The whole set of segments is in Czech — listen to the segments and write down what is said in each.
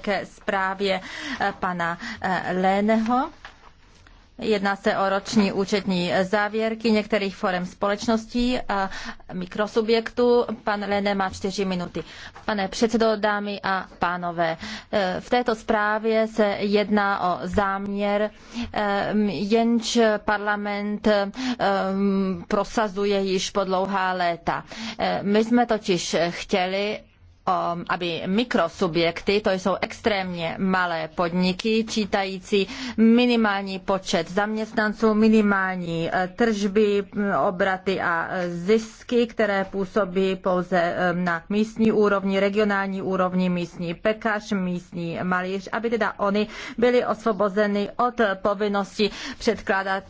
ke zprávě eh, pana eh, Léneho. Jedná se o roční účetní závěrky některých forem společností a mikrosubjektů. Pan Lene má čtyři minuty. Pane předsedo, dámy a pánové, eh, v této zprávě se jedná o záměr, jenž parlament mm, prosazuje již po dlouhá léta. My jsme totiž chtěli, Um, aby mikrosubjekty, to jsou extrémně malé podniky, čítající minimální počet zaměstnanců, minimální eh, tržby, mm, obraty a eh, zisky, které působí pouze eh, na místní úrovni, regionální úrovni, místní pekař, místní malíř, aby teda oni byli osvobozeny od povinnosti předkládat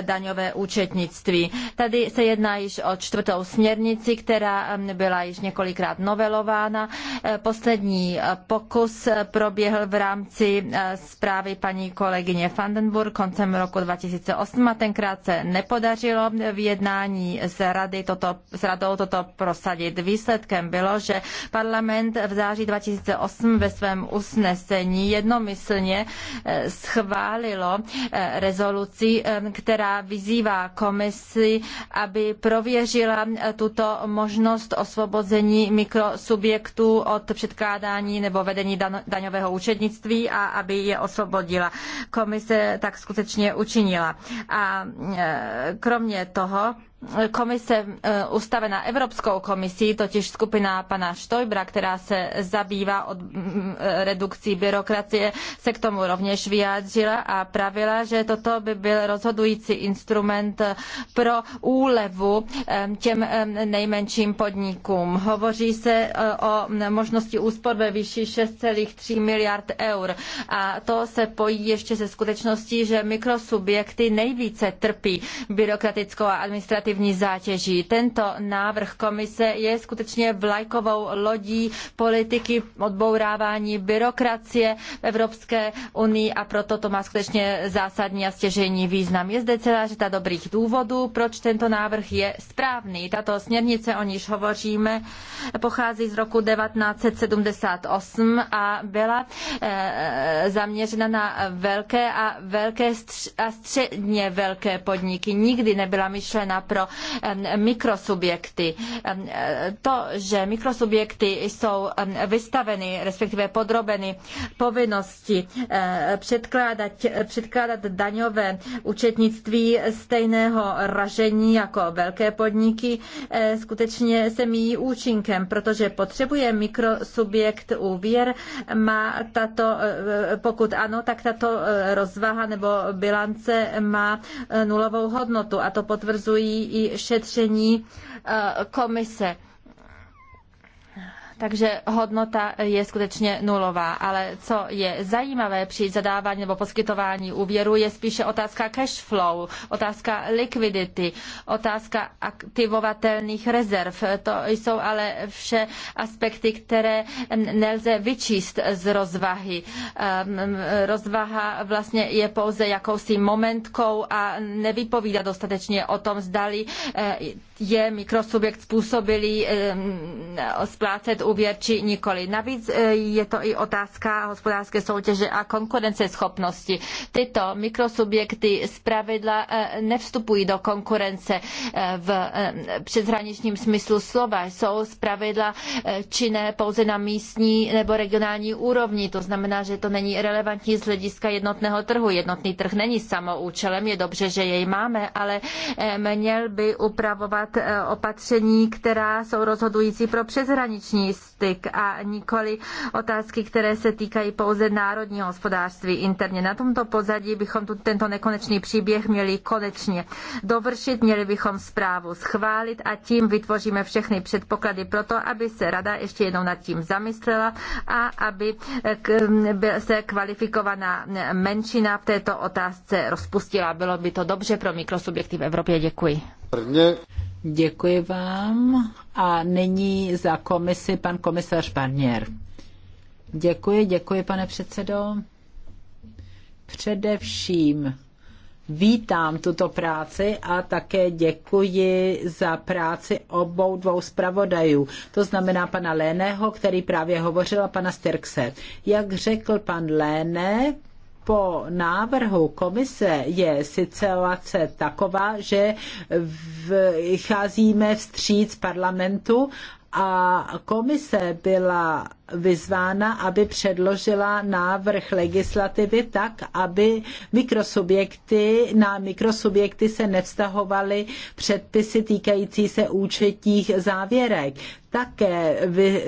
daňové účetnictví. Tady se jedná již o čtvrtou směrnici, která mm, byla již několikrát novelována realizována. Eh, poslední eh, pokus eh, proběhl v rámci zprávy paní kolegyně Vandenburg koncem roku 2008 a tenkrát se nepodařilo v jednání s, rady toto, s radou toto prosadit. Výsledkem bylo, že parlament v září 2008 ve svém usnesení jednomyslně schválilo rezoluci, která vyzývá komisi, aby prověřila tuto možnost osvobození mikrosubjektů subjektů od předkládání nebo vedení daňového účetnictví a aby je osvobodila. Komise tak skutečně učinila. A e, kromě toho komise eh, ustavená Evropskou komisí, totiž skupina pana Štojbra, která se zabývá od mm, mm, redukcí byrokracie, se k tomu rovněž vyjádřila a pravila, že toto by byl rozhodující instrument eh, pro úlevu eh, těm nejmenším podnikům. Hovoří se o možnosti úspor ve výši 6,3 miliard eur a to se pojí ještě se skutečností, že mikrosubjekty nejvíce trpí byrokratickou a administrativní legislativní zátěží. Tento návrh komise je skutečně vlajkovou lodí politiky odbourávání byrokracie v Evropské unii a proto to má skutečně zásadní a stěžejní význam. Je zde celá řada dobrých důvodů, proč tento návrh je správný. Tato směrnice, o níž hovoříme, pochází z roku 1978 a byla eh, zaměřena na velké a velké a středně velké podniky. Nikdy nebyla myšlena pro pro mikrosubjekty. To, že mikrosubjekty jsou vystaveny, respektive podrobeny povinnosti eh, předkládat, předkládat daňové účetnictví stejného ražení jako velké podniky, eh, skutečně se míjí účinkem, protože potřebuje mikrosubjekt úvěr, má tato, eh, pokud ano, tak tato rozvaha nebo bilance má nulovou hodnotu a to potvrzují i šetření eh, komise takže hodnota je skutečně nulová. Ale co je zajímavé při zadávání nebo poskytování úvěru, je spíše otázka cash flow, otázka likvidity, otázka aktivovatelných rezerv. To jsou ale vše aspekty, které nelze vyčíst z rozvahy. Ehm, rozvaha vlastně je pouze jakousi momentkou a nevypovídá dostatečně o tom, zdali eh, je mikrosubjekt způsobilý ehm, splácet úvěr či nikoli. Navíc e, je to i otázka hospodářské soutěže a konkurenceschopnosti. Tyto mikrosubjekty zpravidla e, nevstupují do konkurence e, v přeshraničním smyslu slova. Jsou zpravidla činné pouze na místní nebo regionální úrovni. To znamená, že to není relevantní z hlediska jednotného trhu. Jednotný trh není samoučelem, je dobře, že jej máme, ale měl by upravovat opatření, která jsou rozhodující pro přeshraniční styk a nikoli otázky, které se týkají pouze národního hospodářství interně. Na tomto pozadí bychom tu, tento nekonečný příběh měli konečně dovršit, měli bychom zprávu schválit a tím vytvoříme všechny předpoklady pro to, aby se rada ještě jednou nad tím zamyslela a aby eh, se kvalifikovaná menšina v této otázce rozpustila. Bylo by to dobře pro mikrosubjekty v Evropě. Děkuji. Prvně. Děkuji vám. A nyní za komisi pan komisař Barnier. Děkuji, děkuji, pane předsedo. Především vítám tuto práci a také děkuji za práci obou dvou zpravodajů. To znamená pana Léného, který právě hovořil, a pana Styrkse. Jak řekl pan Léné, po návrhu komise je situace taková, že vycházíme vstříc parlamentu a komise byla vyzvána, aby předložila návrh legislativy tak, aby mikrosubjekty, na mikrosubjekty se nevztahovaly předpisy týkající se účetních závěrek. Také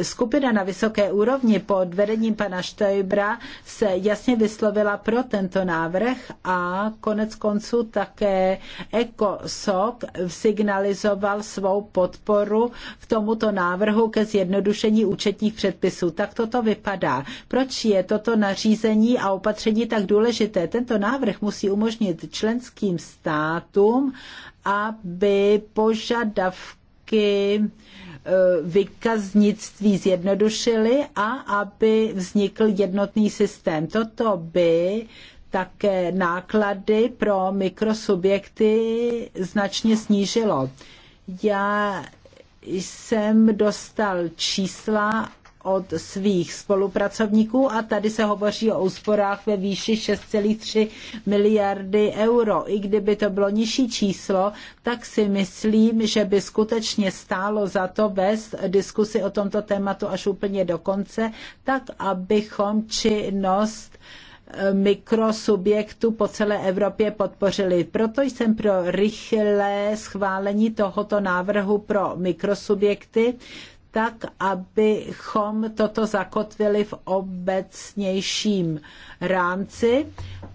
skupina na vysoké úrovni pod vedením pana Štojbra se jasně vyslovila pro tento návrh a konec konců také ECOSOC signalizoval svou podporu v tomuto návrhu ke zjednodušení účetních předpisů. Tak toto vypadá. Proč je toto nařízení a opatření tak důležité? Tento návrh musí umožnit členským státům, aby požadavky Eh, vykaznictví zjednodušili a aby vznikl jednotný systém. Toto by také náklady pro mikrosubjekty značně snížilo. Já jsem dostal čísla od svých spolupracovníků a tady se hovoří o úsporách ve výši 6,3 miliardy euro. I kdyby to bylo nižší číslo, tak si myslím, že by skutečně stálo za to vést diskusi o tomto tématu až úplně do konce, tak abychom činnost eh, mikrosubjektu po celé Evropě podpořili. Proto jsem pro rychlé schválení tohoto návrhu pro mikrosubjekty tak, abychom toto zakotvili v obecnějším rámci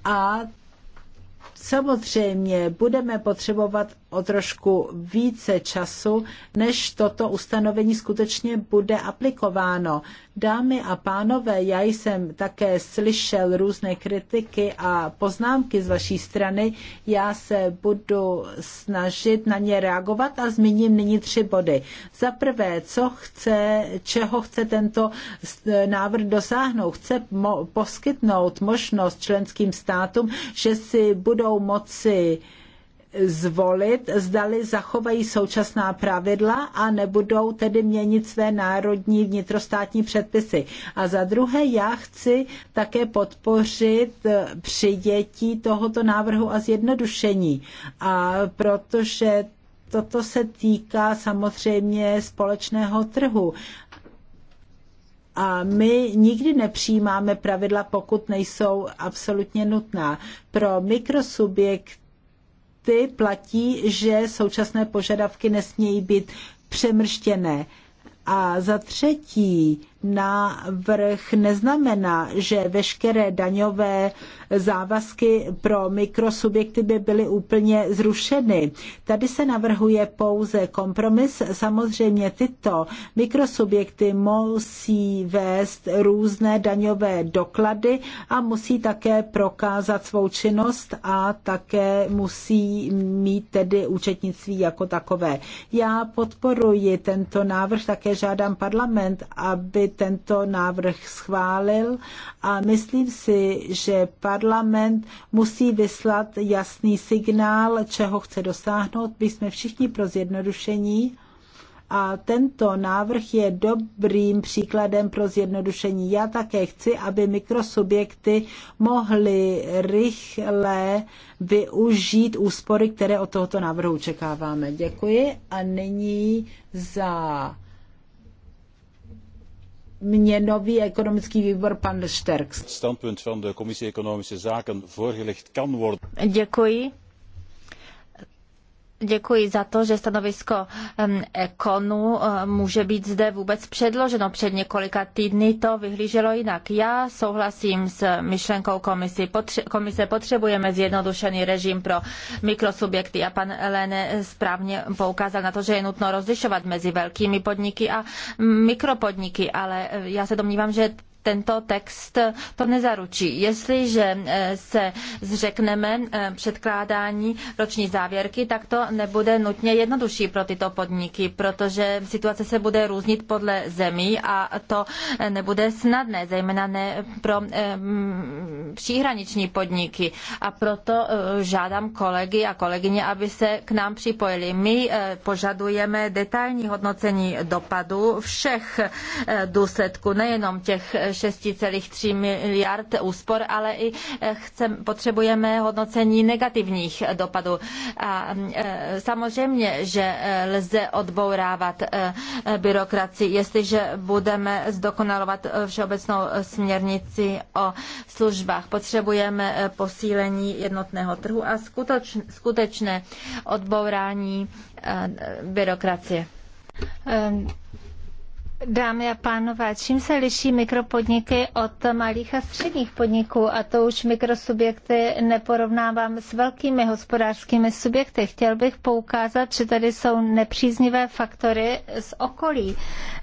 a Samozřejmě budeme potřebovat o trošku více času, než toto ustanovení skutečně bude aplikováno. Dámy a pánové, já jsem také slyšel různé kritiky a poznámky z vaší strany. Já se budu snažit na ně reagovat a zmíním nyní tři body. Za prvé, co chce, čeho chce tento návrh dosáhnout? Chce mo- poskytnout možnost členským státům, že si budou budou moci zvolit, zdali zachovají současná pravidla a nebudou tedy měnit své národní vnitrostátní předpisy. A za druhé já chci také podpořit eh, přijetí tohoto návrhu a zjednodušení. A protože toto se týká samozřejmě společného trhu a my nikdy nepřijímáme pravidla, pokud nejsou absolutně nutná. Pro mikrosubjekty platí, že současné požadavky nesmějí být přemrštěné. A za třetí, návrh neznamená, že veškeré daňové závazky pro mikrosubjekty by byly úplně zrušeny. Tady se navrhuje pouze kompromis. Samozřejmě tyto mikrosubjekty musí vést různé daňové doklady a musí také prokázat svou činnost a také musí mít tedy účetnictví jako takové. Já podporuji tento návrh, také žádám parlament, aby tento návrh schválil a myslím si, že parlament musí vyslat jasný signál, čeho chce dosáhnout. My jsme všichni pro zjednodušení a tento návrh je dobrým příkladem pro zjednodušení. Já také chci, aby mikrosubjekty mohly rychle využít úspory, které od tohoto návrhu očekáváme. Děkuji a nyní za měnový ekonomický výbor pan Sterks. Standpunt van de Commissie Economische Zaken voorgelegd kan worden. Děkuji. Děkuji za to, že stanovisko Ekonu může být zde vůbec předloženo. Před několika týdny to vyhlíželo jinak. Já souhlasím s myšlenkou komisi. komise potřebujeme zjednodušený režim pro mikrosubjekty a pan Elene správně poukázal na to, že je nutno rozlišovat mezi velkými podniky a mikropodniky, ale já se domnívám, že tento text to nezaručí. Jestliže eh, se zřekneme eh, předkládání roční závěrky, tak to nebude nutně jednodušší pro tyto podniky, protože situace se bude různit podle zemí a to eh, nebude snadné, zejména ne pro mm, příhraniční podniky. A proto žádám kolegy a kolegyně, aby se k nám připojili. My požadujeme detailní hodnocení dopadu všech důsledků, nejenom těch 6,3 miliard úspor, ale i eh, chcem, potřebujeme hodnocení negativních dopadů. A eh, samozřejmě, že eh, lze odbourávat byrokracii, jestliže budeme zdokonalovat všeobecnou směrnici o službách. Potřebujeme posílení jednotného trhu a skutečné odbourání byrokracie. Dámy a pánové, čím se liší mikropodniky od malých a středních podniků? A to už mikrosubjekty neporovnávám s velkými hospodářskými subjekty. Chtěl bych poukázat, že tady jsou nepříznivé faktory z okolí.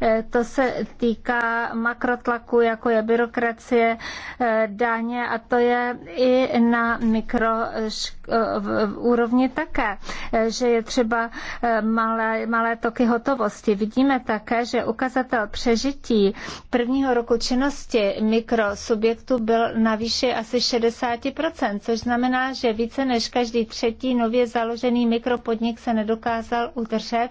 E, to se týká makrotlaku, jako je byrokracie, e, daně a to je i na mikroúrovni e, také, že je třeba malé, malé toky hotovosti. Vidíme také, že ukazatel ukazatel přežití prvního roku činnosti mikrosubjektu byl na výši asi 60%, což znamená, že více než každý třetí nově založený mikropodnik se nedokázal udržet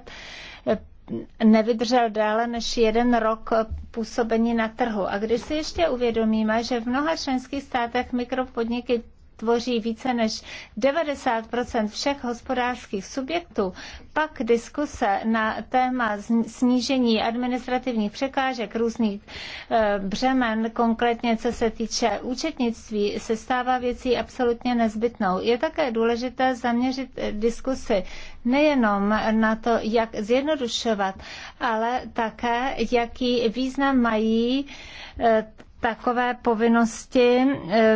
nevydržel déle než jeden rok působení na trhu. A když si ještě uvědomíme, že v mnoha členských státech mikropodniky tvoří více než 90 všech hospodářských subjektů, pak diskuse na téma snížení administrativních překážek, různých eh, břemen, konkrétně co se týče účetnictví, se stává věcí absolutně nezbytnou. Je také důležité zaměřit eh, diskusy nejenom na to, jak zjednodušovat, ale také, jaký význam mají eh, takové povinnosti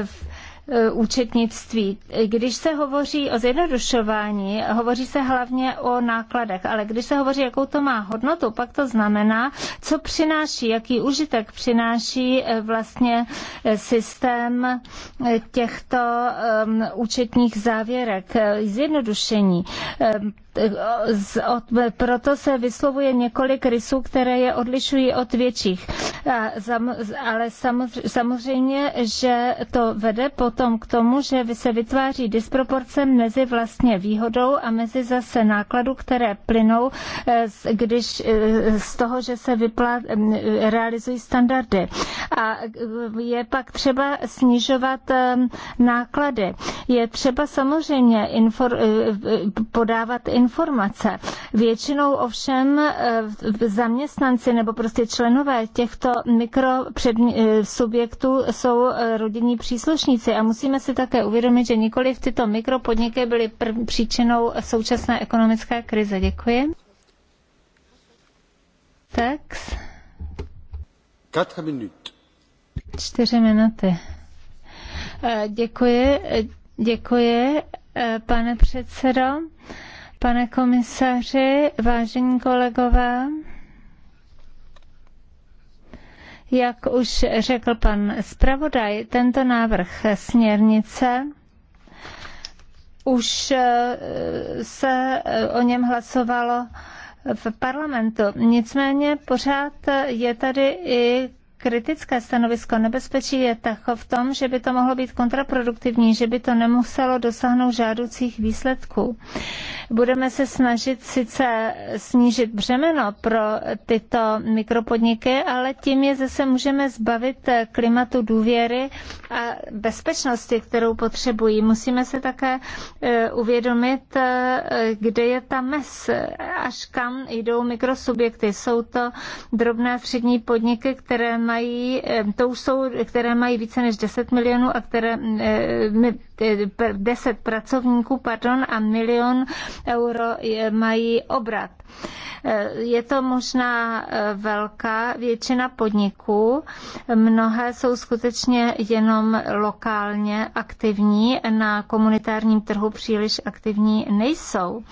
v Eh, účetnictví. Když se hovoří o zjednodušování, hovoří se hlavně o nákladech, ale když se hovoří, jakou to má hodnotu, pak to znamená, co přináší, jaký užitek přináší eh, vlastně eh, systém těchto účetních závěrek, zjednodušení proto se vyslovuje několik rysů, které je odlišují od větších. Ale samozřejmě, že to vede potom k tomu, že se vytváří disproporce mezi vlastně výhodou a mezi zase nákladu, které plynou, eh, když eh, z toho, že se vyplá, mm, realizují standardy. A eh, je pak třeba snižovat náklady. Je třeba samozřejmě podávat informace informace. Většinou ovšem eh, zaměstnanci nebo prostě členové těchto mikrosubjektů eh, jsou eh, rodinní příslušníci a musíme si také uvědomit, že nikoli v tyto mikropodniky byly příčinou současné ekonomické krize. Děkuji. Tak. Čtyři minuty. Děkuji, děkuji, pane předsedo. Pane komisaři, vážení kolegové, jak už řekl pan zpravodaj, tento návrh směrnice už eh, se eh, o něm hlasovalo v parlamentu. Nicméně pořád je tady i kritické stanovisko nebezpečí je tak v tom, že by to mohlo být kontraproduktivní, že by to nemuselo dosáhnout žádoucích výsledků. Budeme se snažit sice snížit břemeno pro tyto mikropodniky, ale tím je zase můžeme zbavit eh, klimatu důvěry a bezpečnosti, kterou potřebují. Musíme se také eh, uvědomit, eh, kde je ta mes, až kam jdou mikrosubjekty. Jsou to drobné střední podniky, které mají mají, eh, to už jsou, které mají více než 10 milionů a které 10 eh, eh, pracovníků, pardon, a milion euro mají obrat. Je to možná velká většina podniků, mnohé jsou skutečně jenom lokálně aktivní, na komunitárním trhu příliš aktivní nejsou.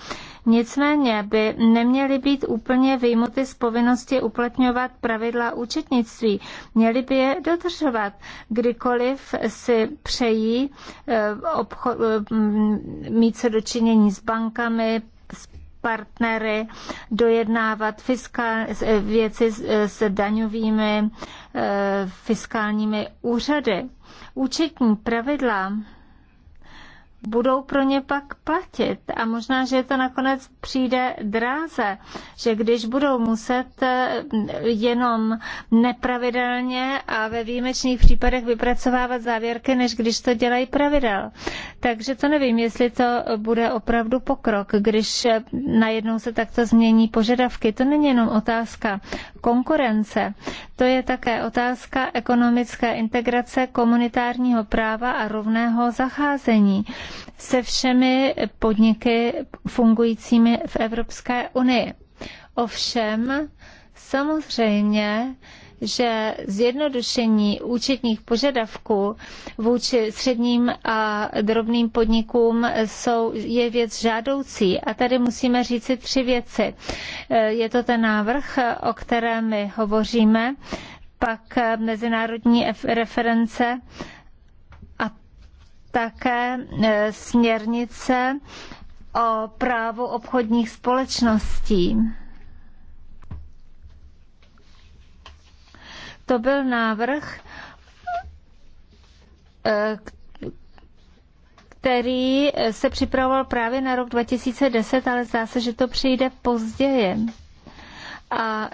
Nicméně by neměly být úplně vyjmuty z povinnosti uplatňovat pravidla účetnictví. Měly by je dodržovat, kdykoliv si přejí eh, obcho- eh, mít se dočinění s bankami, s partnery, dojednávat fiskál, eh, věci s daňovými fiskálními úřady. Účetní pravidla budou pro ně pak platit. A možná, že to nakonec přijde dráze, že když budou muset eh, jenom nepravidelně a ve výjimečných případech vypracovávat závěrky, než když to dělají pravidel. Takže to nevím, jestli to bude opravdu pokrok, když eh, najednou se takto změní požadavky. To není jenom otázka konkurence, to je také otázka ekonomické integrace komunitárního práva a rovného zacházení se všemi podniky fungujícími v Evropské unii. Ovšem, samozřejmě, že zjednodušení účetních požadavků vůči středním a drobným podnikům jsou, je věc žádoucí. A tady musíme říci tři věci. Je to ten návrh, o kterém my hovoříme, pak mezinárodní reference také e, směrnice o právu obchodních společností. To byl návrh, e, který se připravoval právě na rok 2010, ale zdá se, že to přijde později. A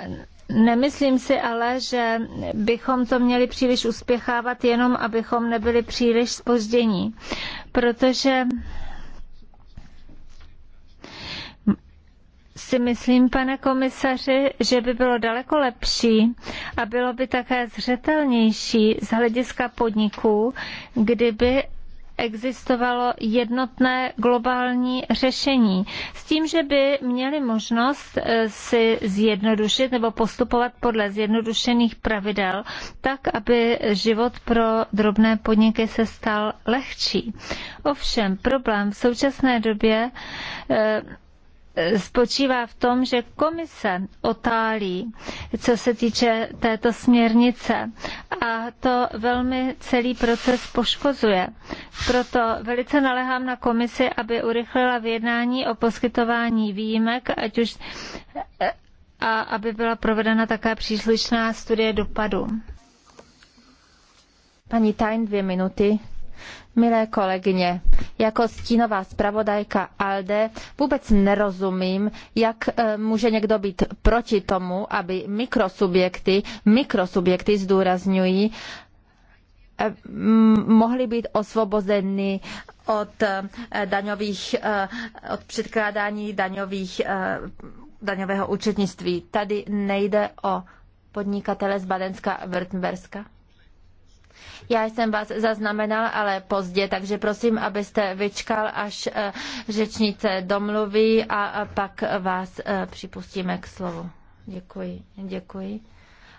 Nemyslím si ale, že bychom to měli příliš uspěchávat jenom, abychom nebyli příliš spoždění, protože si myslím, pane komisaři, že by bylo daleko lepší a bylo by také zřetelnější z hlediska podniků, kdyby existovalo jednotné globální řešení s tím, že by měli možnost eh, si zjednodušit nebo postupovat podle zjednodušených pravidel, tak, aby život pro drobné podniky se stal lehčí. Ovšem, problém v současné době eh, spočívá v tom, že komise otálí, co se týče této směrnice a to velmi celý proces poškozuje. Proto velice nalehám na komisi, aby urychlila vyjednání o poskytování výjimek, ať už a aby byla provedena také příslušná studie dopadu. Paní Tajn, dvě minuty. Milé kolegyně, jako stínová zpravodajka ALDE vůbec nerozumím, jak eh, může někdo být proti tomu, aby mikrosubjekty, mikrosubjekty zdůrazňují, eh, mohly být osvobozeny od eh, daňových, od předkládání daňových, daňového účetnictví. Tady nejde o podnikatele z Badenska a Württemberska. Já jsem vás zaznamenal, ale pozdě, takže prosím, abyste vyčkal, až eh, řečnice domluví a pak vás eh, připustíme k slovu. Děkuji, děkuji.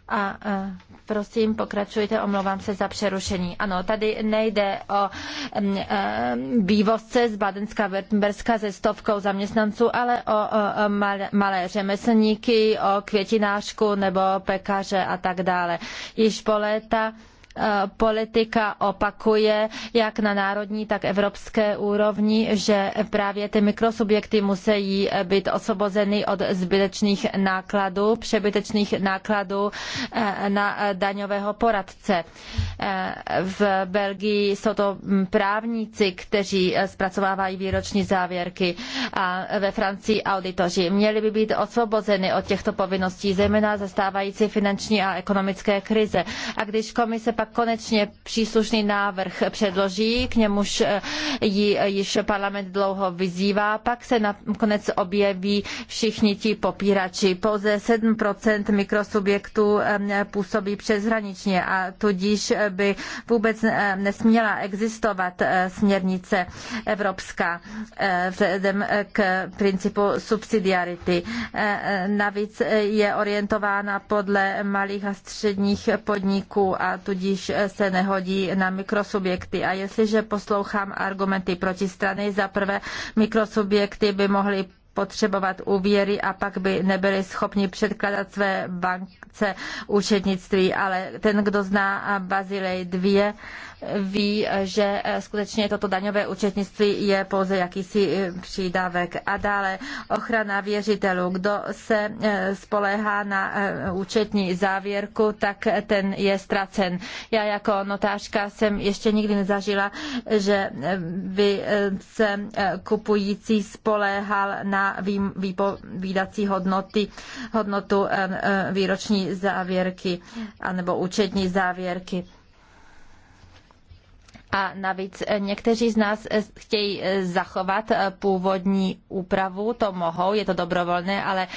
A eh, prosím, pokračujte, omlouvám se za přerušení. Ano, tady nejde o mm, vývozce z Badenska Württemberska se stovkou zaměstnanců, ale o malé řemeslníky, o květinářku nebo pekaře a tak dále. Již po léta Eh, politika opakuje, jak na národní, tak evropské úrovni, že právě ty mikrosubjekty musí být osvobozeny od zbytečných nákladů, přebytečných nákladů eh, na daňového poradce. Eh, v Belgii jsou to právníci, kteří zpracovávají výroční závěrky a ve Francii auditoři. Měli by být osvobozeny od těchto povinností, zejména zastávající finanční a ekonomické krize. A když komise pak konečně příslušný návrh předloží, k němuž eh, ji eh, již parlament dlouho vyzývá, pak se nakonec objeví všichni ti popírači. Pouze 7% mikrosubjektů ehm, působí přeshraničně a tudíž eh, by vůbec nesměla existovat směrnice evropská vzhledem k principu subsidiarity. Navíc je orientována podle malých a středních podniků a tudíž tudíž se nehodí na mikrosubjekty. A jestliže poslouchám argumenty protistrany, za prvé mikrosubjekty by mohly potřebovat úvěry a pak by nebyli schopni předkladat své bankce účetnictví. Ale ten, kdo zná Bazilej 2, ví, že eh, skutečně toto daňové účetnictví je pouze jakýsi eh, přídavek. A dále ochrana věřitelů. Kdo se eh, spoléhá na účetní závěrku, tak ten je ztracen. Já jako notářka jsem ještě nikdy nezažila, že by se kupující spoléhal na výpovídací hodnoty, hodnotu výroční závěrky anebo účetní závěrky. A navíc eh, někteří z nás eh, chtějí eh, zachovat původní úpravu, to mohou, je to dobrovolné, ale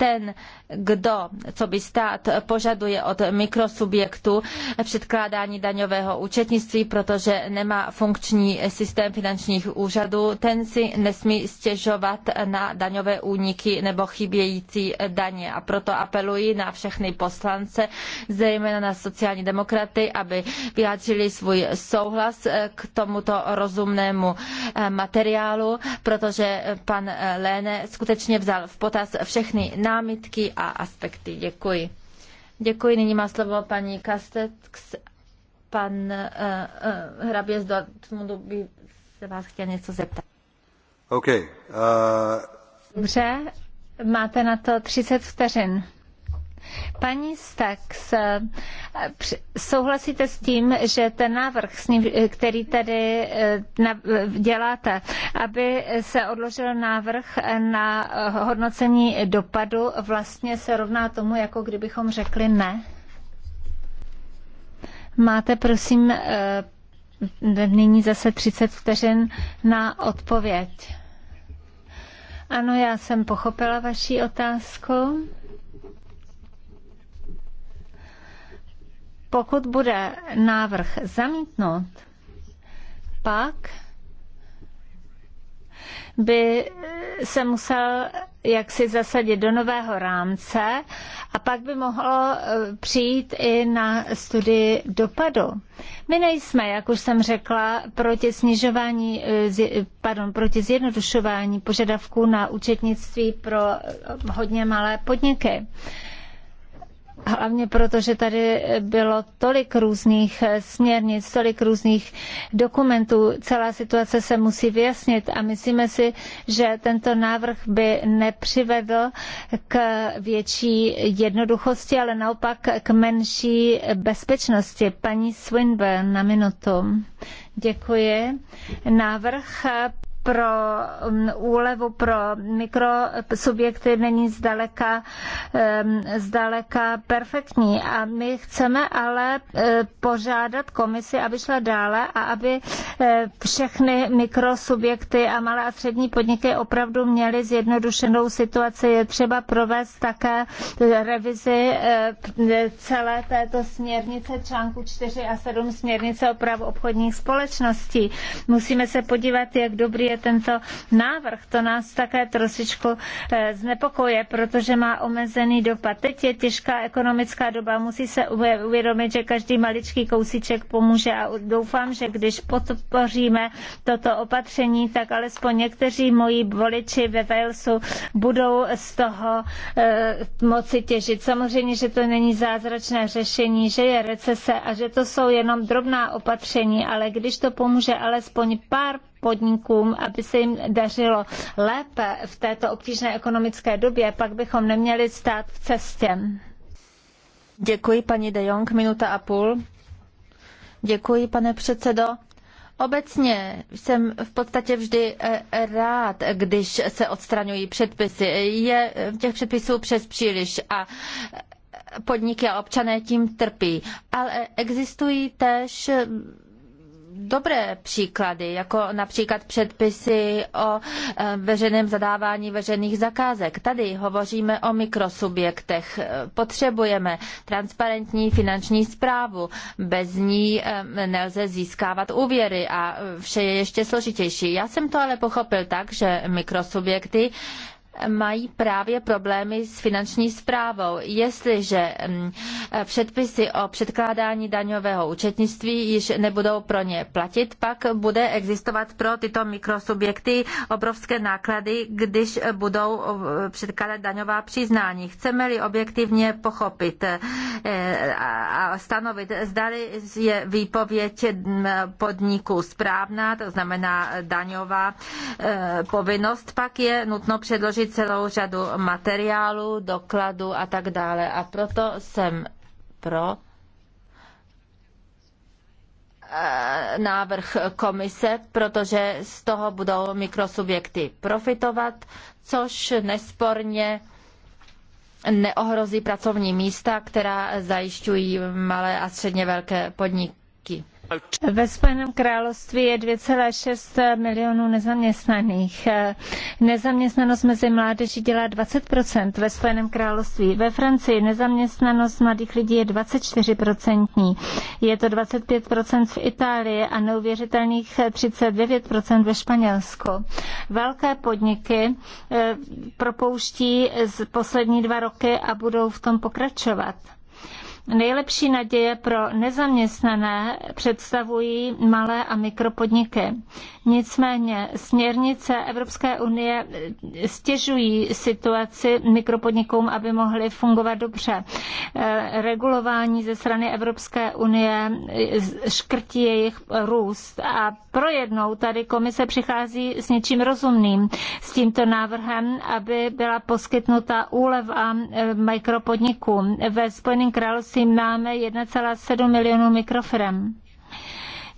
ten, kdo, co by stát požaduje od mikrosubjektu předkládání daňového účetnictví, protože nemá funkční systém finančních úřadů, ten si nesmí stěžovat na daňové úniky nebo chybějící daně. A proto apeluji na všechny poslance, zejména na sociální demokraty, aby vyjádřili svůj souhlas k tomuto rozumnému eh, materiálu, protože pan eh, Léne skutečně vzal v potaz všechny námitky a aspekty. Děkuji. Děkuji. Nyní má slovo paní Kastex. Pan uh, uh, hrabě z Dortmundu by se vás chtěl něco zeptat. OK. Uh... Dobře, máte na to 30 vteřin. Paní Stax, eh, souhlasíte s tím, že ten návrh, který tady eh, děláte, aby se odložil návrh na hodnocení dopadu, vlastně se rovná tomu, jako kdybychom řekli ne? Máte, prosím, eh, nyní zase 30 vteřin na odpověď. Ano, já jsem pochopila vaši otázku. Pokud bude návrh zamítnut, pak by se musel jaksi zasadit do nového rámce a pak by mohlo eh, přijít i na studii dopadu. My nejsme, jak už jsem řekla, proti snižování, eh, pardon, proti zjednodušování požadavků na účetnictví pro eh, hodně malé podniky. Hlavně proto, že tady bylo tolik různých eh, směrnic, tolik různých dokumentů. Celá situace se musí vyjasnit a myslíme si, že tento návrh by nepřivedl k větší jednoduchosti, ale naopak k menší bezpečnosti. Paní Swinburne na minutu. Děkuji. Návrh pro um, úlevu pro mikrosubjekty není zdaleka, um, zdaleka perfektní. A my chceme ale eh, požádat komisi, aby šla dále a aby eh, všechny mikrosubjekty a malé a střední podniky opravdu měly zjednodušenou situaci. Je třeba provést také eh, revizi celé této směrnice článku 4 a 7 směrnice o právu obchodních společností. Musíme se podívat, jak dobrý je tento návrh. To nás také trošičku eh, znepokoje, protože má omezený dopad. Teď je těžká ekonomická doba, musí se uvědomit, že každý maličký kousíček pomůže a doufám, že když podpoříme toto opatření, tak alespoň někteří moji voliči ve Walesu budou z toho eh, moci těžit. Samozřejmě, že to není zázračné řešení, že je recese a že to jsou jenom drobná opatření, ale když to pomůže alespoň pár podnikům, aby se jim dařilo lépe v této obtížné ekonomické době, pak bychom neměli stát v cestě. Děkuji, paní De Jong, minuta a půl. Děkuji, pane předsedo. Obecně jsem v podstatě vždy eh, rád, když se odstraňují předpisy. Je eh, těch předpisů přes příliš a eh, podniky a občané tím trpí. Ale existují též dobré příklady, jako například předpisy o eh, veřejném zadávání veřejných zakázek. Tady hovoříme o mikrosubjektech. Eh, potřebujeme transparentní finanční zprávu. Bez ní eh, nelze získávat úvěry a vše je ještě složitější. Já jsem to ale pochopil tak, že mikrosubjekty mají právě problémy s finanční správou. Jestliže mm, předpisy o předkládání daňového účetnictví již nebudou pro ně platit, pak bude existovat pro tyto mikrosubjekty obrovské náklady, když budou eh, předkládat daňová přiznání. Chceme-li objektivně pochopit eh, a stanovit, zdali je výpověď mm, podniku správná, to znamená daňová eh, povinnost, pak je nutno předložit celou řadu materiálů, dokladů a tak dále. A proto jsem pro eh, návrh komise, protože z toho budou mikrosubjekty profitovat, což nesporně neohrozí pracovní místa, která zajišťují malé a středně velké podniky ve Spojeném království je 2,6 milionů nezaměstnaných. Nezaměstnanost mezi mládeží dělá 20 ve Spojeném království. Ve Francii nezaměstnanost mladých lidí je 24 Je to 25 v Itálii a neuvěřitelných 39 ve Španělsku. Velké podniky eh, propouští z poslední dva roky a budou v tom pokračovat. Nejlepší naděje pro nezaměstnané představují malé a mikropodniky. Nicméně směrnice Evropské unie stěžují situaci mikropodnikům, aby mohly fungovat dobře. Eh, regulování ze strany Evropské unie eh, škrtí jejich růst a projednou tady komise přichází s něčím rozumným, s tímto návrhem, aby byla poskytnuta úleva eh, mikropodnikům. Ve Spojeném království máme 1,7 milionů mikrofirm.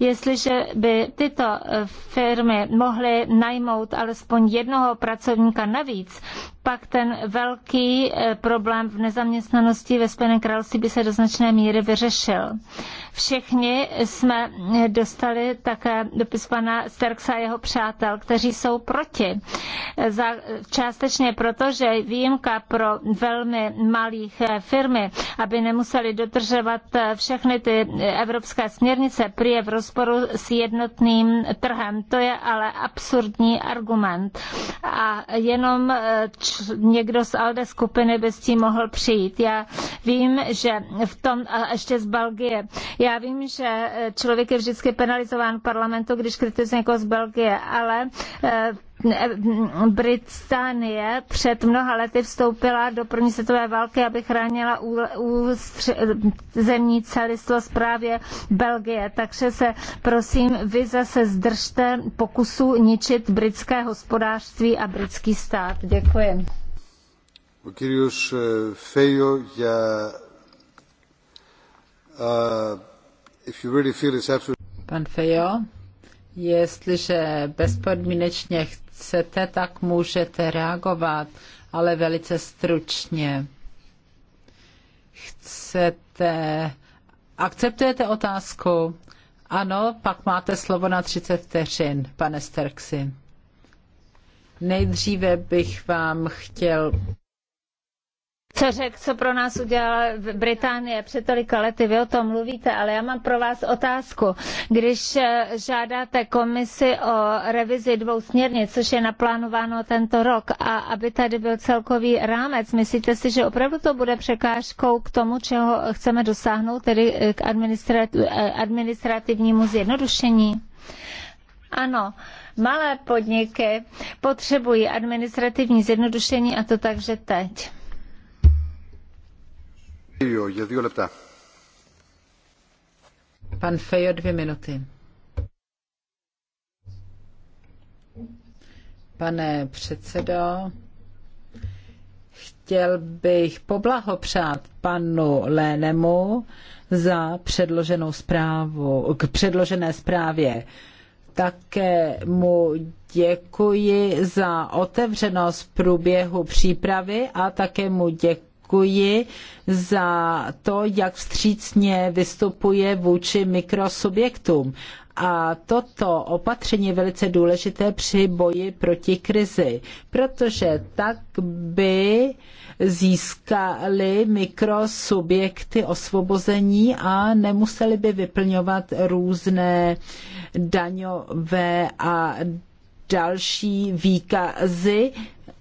Jestliže by tyto eh, firmy mohly najmout alespoň jednoho pracovníka navíc, pak ten velký eh, problém v nezaměstnanosti ve Spojeném království by se do značné míry vyřešil. Všichni jsme eh, dostali také dopis pana Sterksa a jeho přátel, kteří jsou proti. Eh, za, částečně proto, že výjimka pro velmi malých firmy, aby nemuseli dodržovat všechny ty evropské směrnice, prý je v rozporu s jednotným trhem. To je ale absurdní argument. A jenom někdo z ALDE skupiny by s tím mohl přijít. Já vím, že v tom, a ještě z Belgie, já vím, že eh, člověk je vždycky penalizován v parlamentu, když kritizuje někoho z Belgie, ale eh, Eh, Británie před mnoha lety vstoupila do první světové války, aby chránila zemní celistvost právě Belgie. Takže se prosím, vy zase zdržte pokusu ničit britské hospodářství a britský stát. Děkuji. Ο κύριος Uh, if you really feel it's absolutely... Pan Fejo, jestliže bezpodmínečně chcete, chcete, tak můžete reagovat, ale velice stručně. Chcete... Akceptujete otázku? Ano, pak máte slovo na 30 vteřin, pane Sterksy. Nejdříve bych vám chtěl co řekl, co pro nás udělala Británie před tolika lety. Vy o tom mluvíte, ale já mám pro vás otázku. Když eh, žádáte komisi o revizi dvou směrnic, což je naplánováno tento rok, a aby tady byl celkový rámec, myslíte si, že opravdu to bude překážkou k tomu, čeho chceme dosáhnout, tedy eh, k eh, administrativnímu zjednodušení? Ano, malé podniky potřebují administrativní zjednodušení a to takže teď. Pan Fejo, dvě minuty. Pane předsedo, chtěl bych poblahopřát panu Lénemu za předloženou zprávu, k předložené zprávě. Také mu děkuji za otevřenost průběhu přípravy a také mu děkuji děkuji za to, jak vstřícně vystupuje vůči mikrosubjektům. A toto opatření je velice důležité při boji proti krizi, protože tak by získali mikrosubjekty osvobození a nemuseli by vyplňovat různé daňové a další výkazy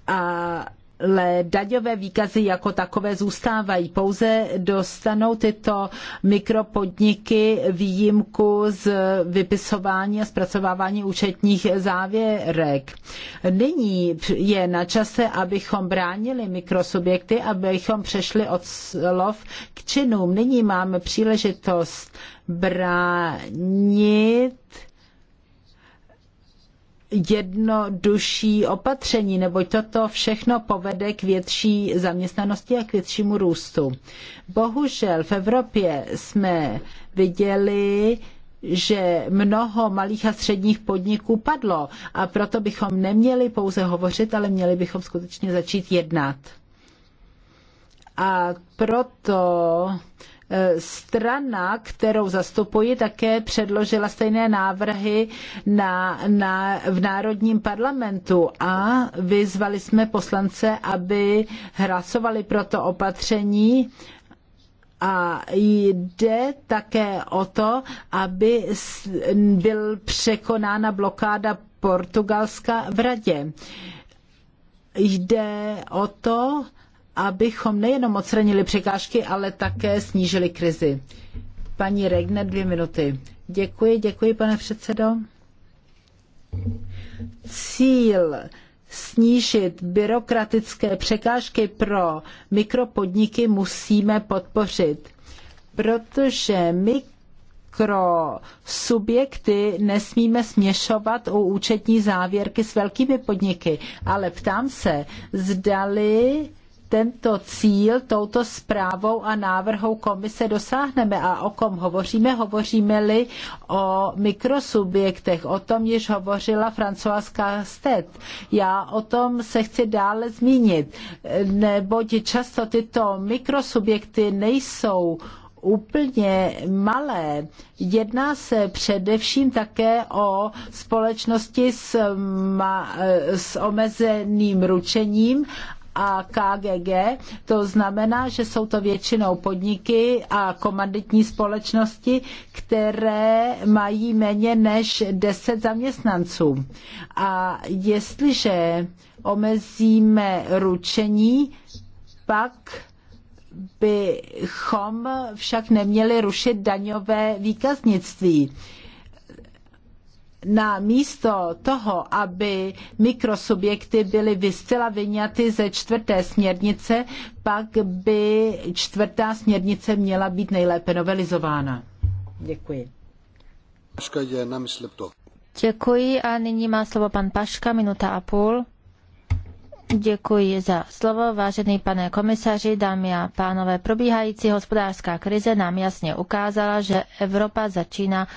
a ale daňové výkazy jako takové zůstávají. Pouze dostanou tyto mikropodniky výjimku z vypisování a zpracovávání účetních závěrek. Nyní je na čase, abychom bránili mikrosubjekty, abychom přešli od slov k činům. Nyní máme příležitost bránit jednodušší opatření, neboť toto všechno povede k větší zaměstnanosti a k většímu růstu. Bohužel v Evropě jsme viděli, že mnoho malých a středních podniků padlo a proto bychom neměli pouze hovořit, ale měli bychom skutečně začít jednat. A proto Eh, strana, kterou zastupuji, také předložila stejné návrhy na, na, v Národním parlamentu a vyzvali jsme poslance, aby hlasovali pro to opatření, a jde také o to, aby byl překonána blokáda Portugalska v radě. Jde o to, abychom nejenom odstranili překážky, ale také snížili krizi. Paní Regner, dvě minuty. Děkuji, děkuji, pane předsedo. Cíl snížit byrokratické překážky pro mikropodniky musíme podpořit, protože mikrosubjekty nesmíme směšovat u účetní závěrky s velkými podniky. Ale ptám se, zdali tento cíl touto zprávou a návrhou komise dosáhneme a o kom hovoříme, hovoříme-li o mikrosubjektech. O tom již hovořila Françoise Castet. Já o tom se chci dále zmínit, neboť často tyto mikrosubjekty nejsou úplně malé. Jedná se především také o společnosti s, ma, s omezeným ručením a KGG, to znamená, že jsou to většinou podniky a komanditní společnosti, které mají méně než 10 zaměstnanců. A jestliže omezíme ručení, pak bychom však neměli rušit daňové výkaznictví na místo toho, aby mikrosubjekty byly zcela vyňaty ze čtvrté směrnice, pak by čtvrtá směrnice měla být nejlépe novelizována. Děkuji. Děkuji a nyní má slovo pan Paška, minuta a půl. Děkuji za slovo, vážený pane komisaři, dámy a pánové. Probíhající hospodářská krize nám jasně ukázala, že Evropa začíná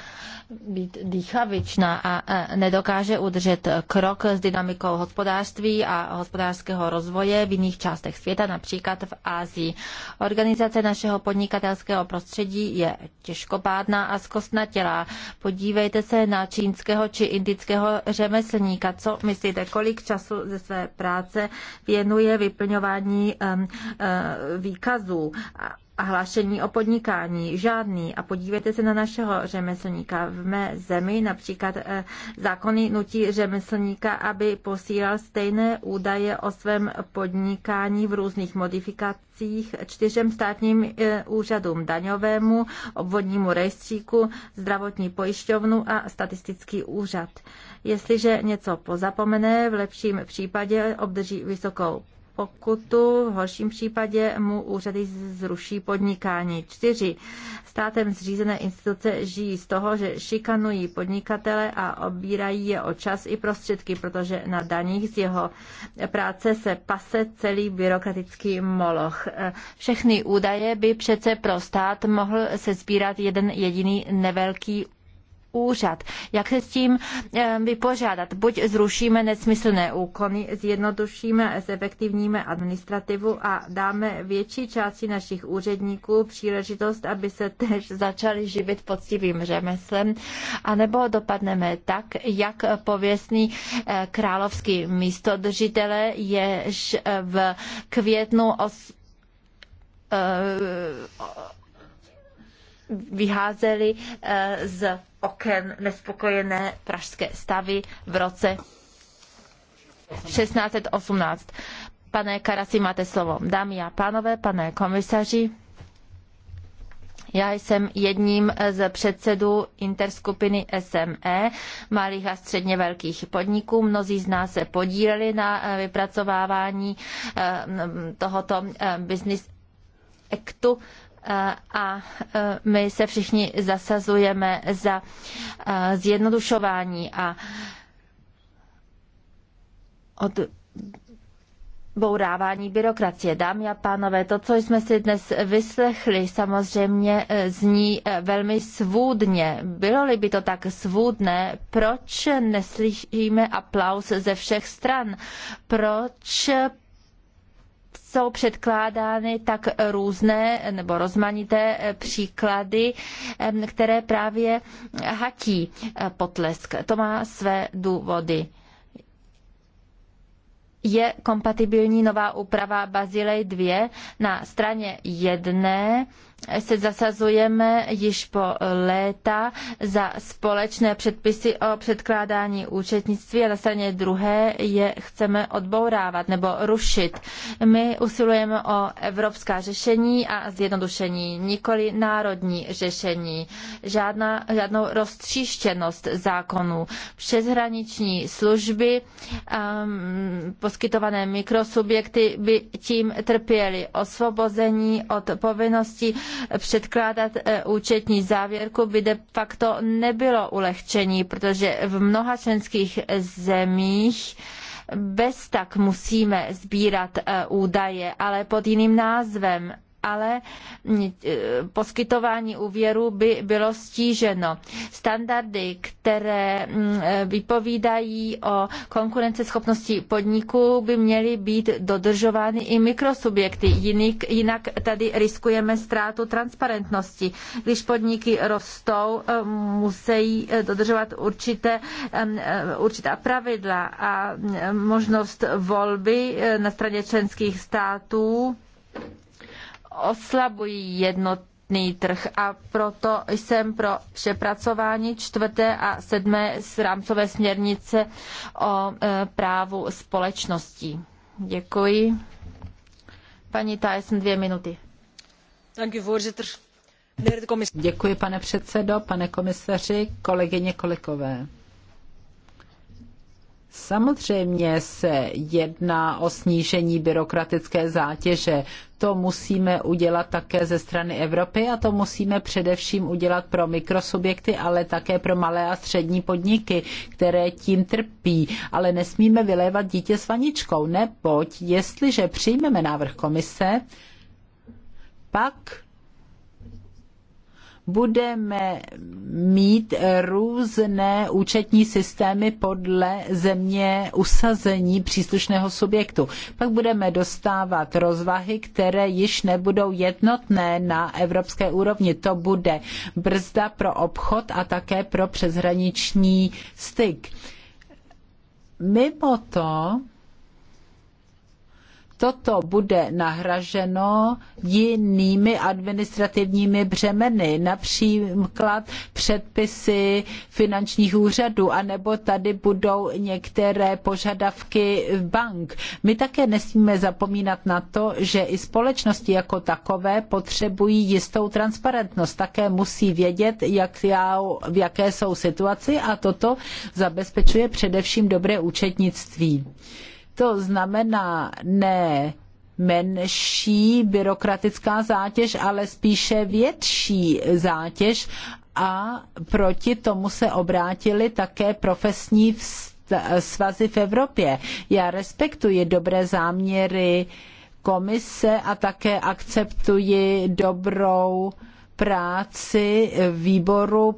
být dýchavičná a nedokáže udržet krok s dynamikou hospodářství a hospodářského rozvoje v jiných částech světa, například v Ázii. Organizace našeho podnikatelského prostředí je těžkopádná a zkostnatělá. Podívejte se na čínského či indického řemeslníka. Co myslíte, kolik času ze své práce věnuje vyplňování um, uh, výkazů? a hlášení o podnikání. Žádný. A podívejte se na našeho řemeslníka. V mé zemi například eh, zákony nutí řemeslníka, aby posílal stejné údaje o svém podnikání v různých modifikacích čtyřem státním eh, úřadům daňovému, obvodnímu rejstříku, zdravotní pojišťovnu a statistický úřad. Jestliže něco pozapomene, v lepším případě obdrží vysokou pokutu, v horším případě mu úřady zruší podnikání. Čtyři. Státem zřízené instituce žijí z toho, že šikanují podnikatele a obírají je o čas i prostředky, protože na daních z jeho práce se pase celý byrokratický moloch. Všechny údaje by přece pro stát mohl se sbírat jeden jediný nevelký úřad. Jak se s tím eh, vypořádat? Buď zrušíme nesmyslné úkony, zjednodušíme, zefektivníme administrativu a dáme větší části našich úředníků příležitost, aby se tež začali živit poctivým řemeslem, anebo dopadneme tak, jak pověstný eh, královský místodržitele, jež eh, v květnu os, vyházeli z oken nespokojené pražské stavy v roce 1618. Pane Karasi, máte slovo. Dámy a pánové, pane komisaři, já jsem jedním z předsedů interskupiny SME malých a středně velkých podniků. Mnozí z nás se podíleli na eh, vypracovávání eh, tohoto eh, business actu a my se všichni zasazujeme za zjednodušování a od bourávání byrokracie. Dámy a pánové, to, co jsme si dnes vyslechli, samozřejmě e, zní e, velmi svůdně. Bylo-li by to tak svůdné, proč neslyšíme aplaus ze všech stran? Proč jsou předkládány tak různé nebo rozmanité příklady, které právě hatí eh, potlesk. To má své důvody je kompatibilní nová úprava Bazilej 2 na straně jedné se zasazujeme již po léta za společné předpisy o předkládání účetnictví a na straně druhé je chceme odbourávat nebo rušit. My usilujeme o evropská řešení a zjednodušení, nikoli národní řešení. Žádná, žádnou roztříštěnost zákonů. Přeshraniční služby um, poskytované mikrosubjekty by tím trpěly osvobození od povinnosti předkládat eh, účetní závěrku by de facto nebylo ulehčení, protože v mnoha členských zemích bez tak musíme sbírat eh, údaje, ale pod jiným názvem ale mm, e, poskytování úvěru by bylo stíženo. Standardy, které mm, e, vypovídají o konkurenceschopnosti podniků, by měly být dodržovány i mikrosubjekty. Jinak, jinak tady riskujeme ztrátu transparentnosti. Když podniky rostou, e, musí dodržovat určité, určitá pravidla a možnost volby na straně členských států oslabují jednotný trh a proto jsem pro přepracování čtvrté a sedmé rámcové směrnice o e, právu společností. Děkuji. Paní Tyson, dvě minuty. Děkuji, pane předsedo, pane komisaři, kolegyně, kolegové Samozřejmě se jedná o snížení byrokratické zátěže. To musíme udělat také ze strany Evropy a to musíme především udělat pro mikrosubjekty, ale také pro malé a střední podniky, které tím trpí. Ale nesmíme vylévat dítě s vaničkou, neboť jestliže přijmeme návrh komise, pak budeme mít různé účetní systémy podle země usazení příslušného subjektu. Pak budeme dostávat rozvahy, které již nebudou jednotné na evropské úrovni. To bude brzda pro obchod a také pro přeshraniční styk. Mimo to, toto bude nahraženo jinými administrativními břemeny, například předpisy finančních úřadů, anebo tady budou některé požadavky bank. My také nesmíme zapomínat na to, že i společnosti jako takové potřebují jistou transparentnost. Také musí vědět, jak já, v jaké jsou situaci a toto zabezpečuje především dobré účetnictví. To znamená ne menší byrokratická zátěž, ale spíše větší zátěž a proti tomu se obrátili také profesní svazy v Evropě. Já respektuji dobré záměry komise a také akceptuji dobrou práci výboru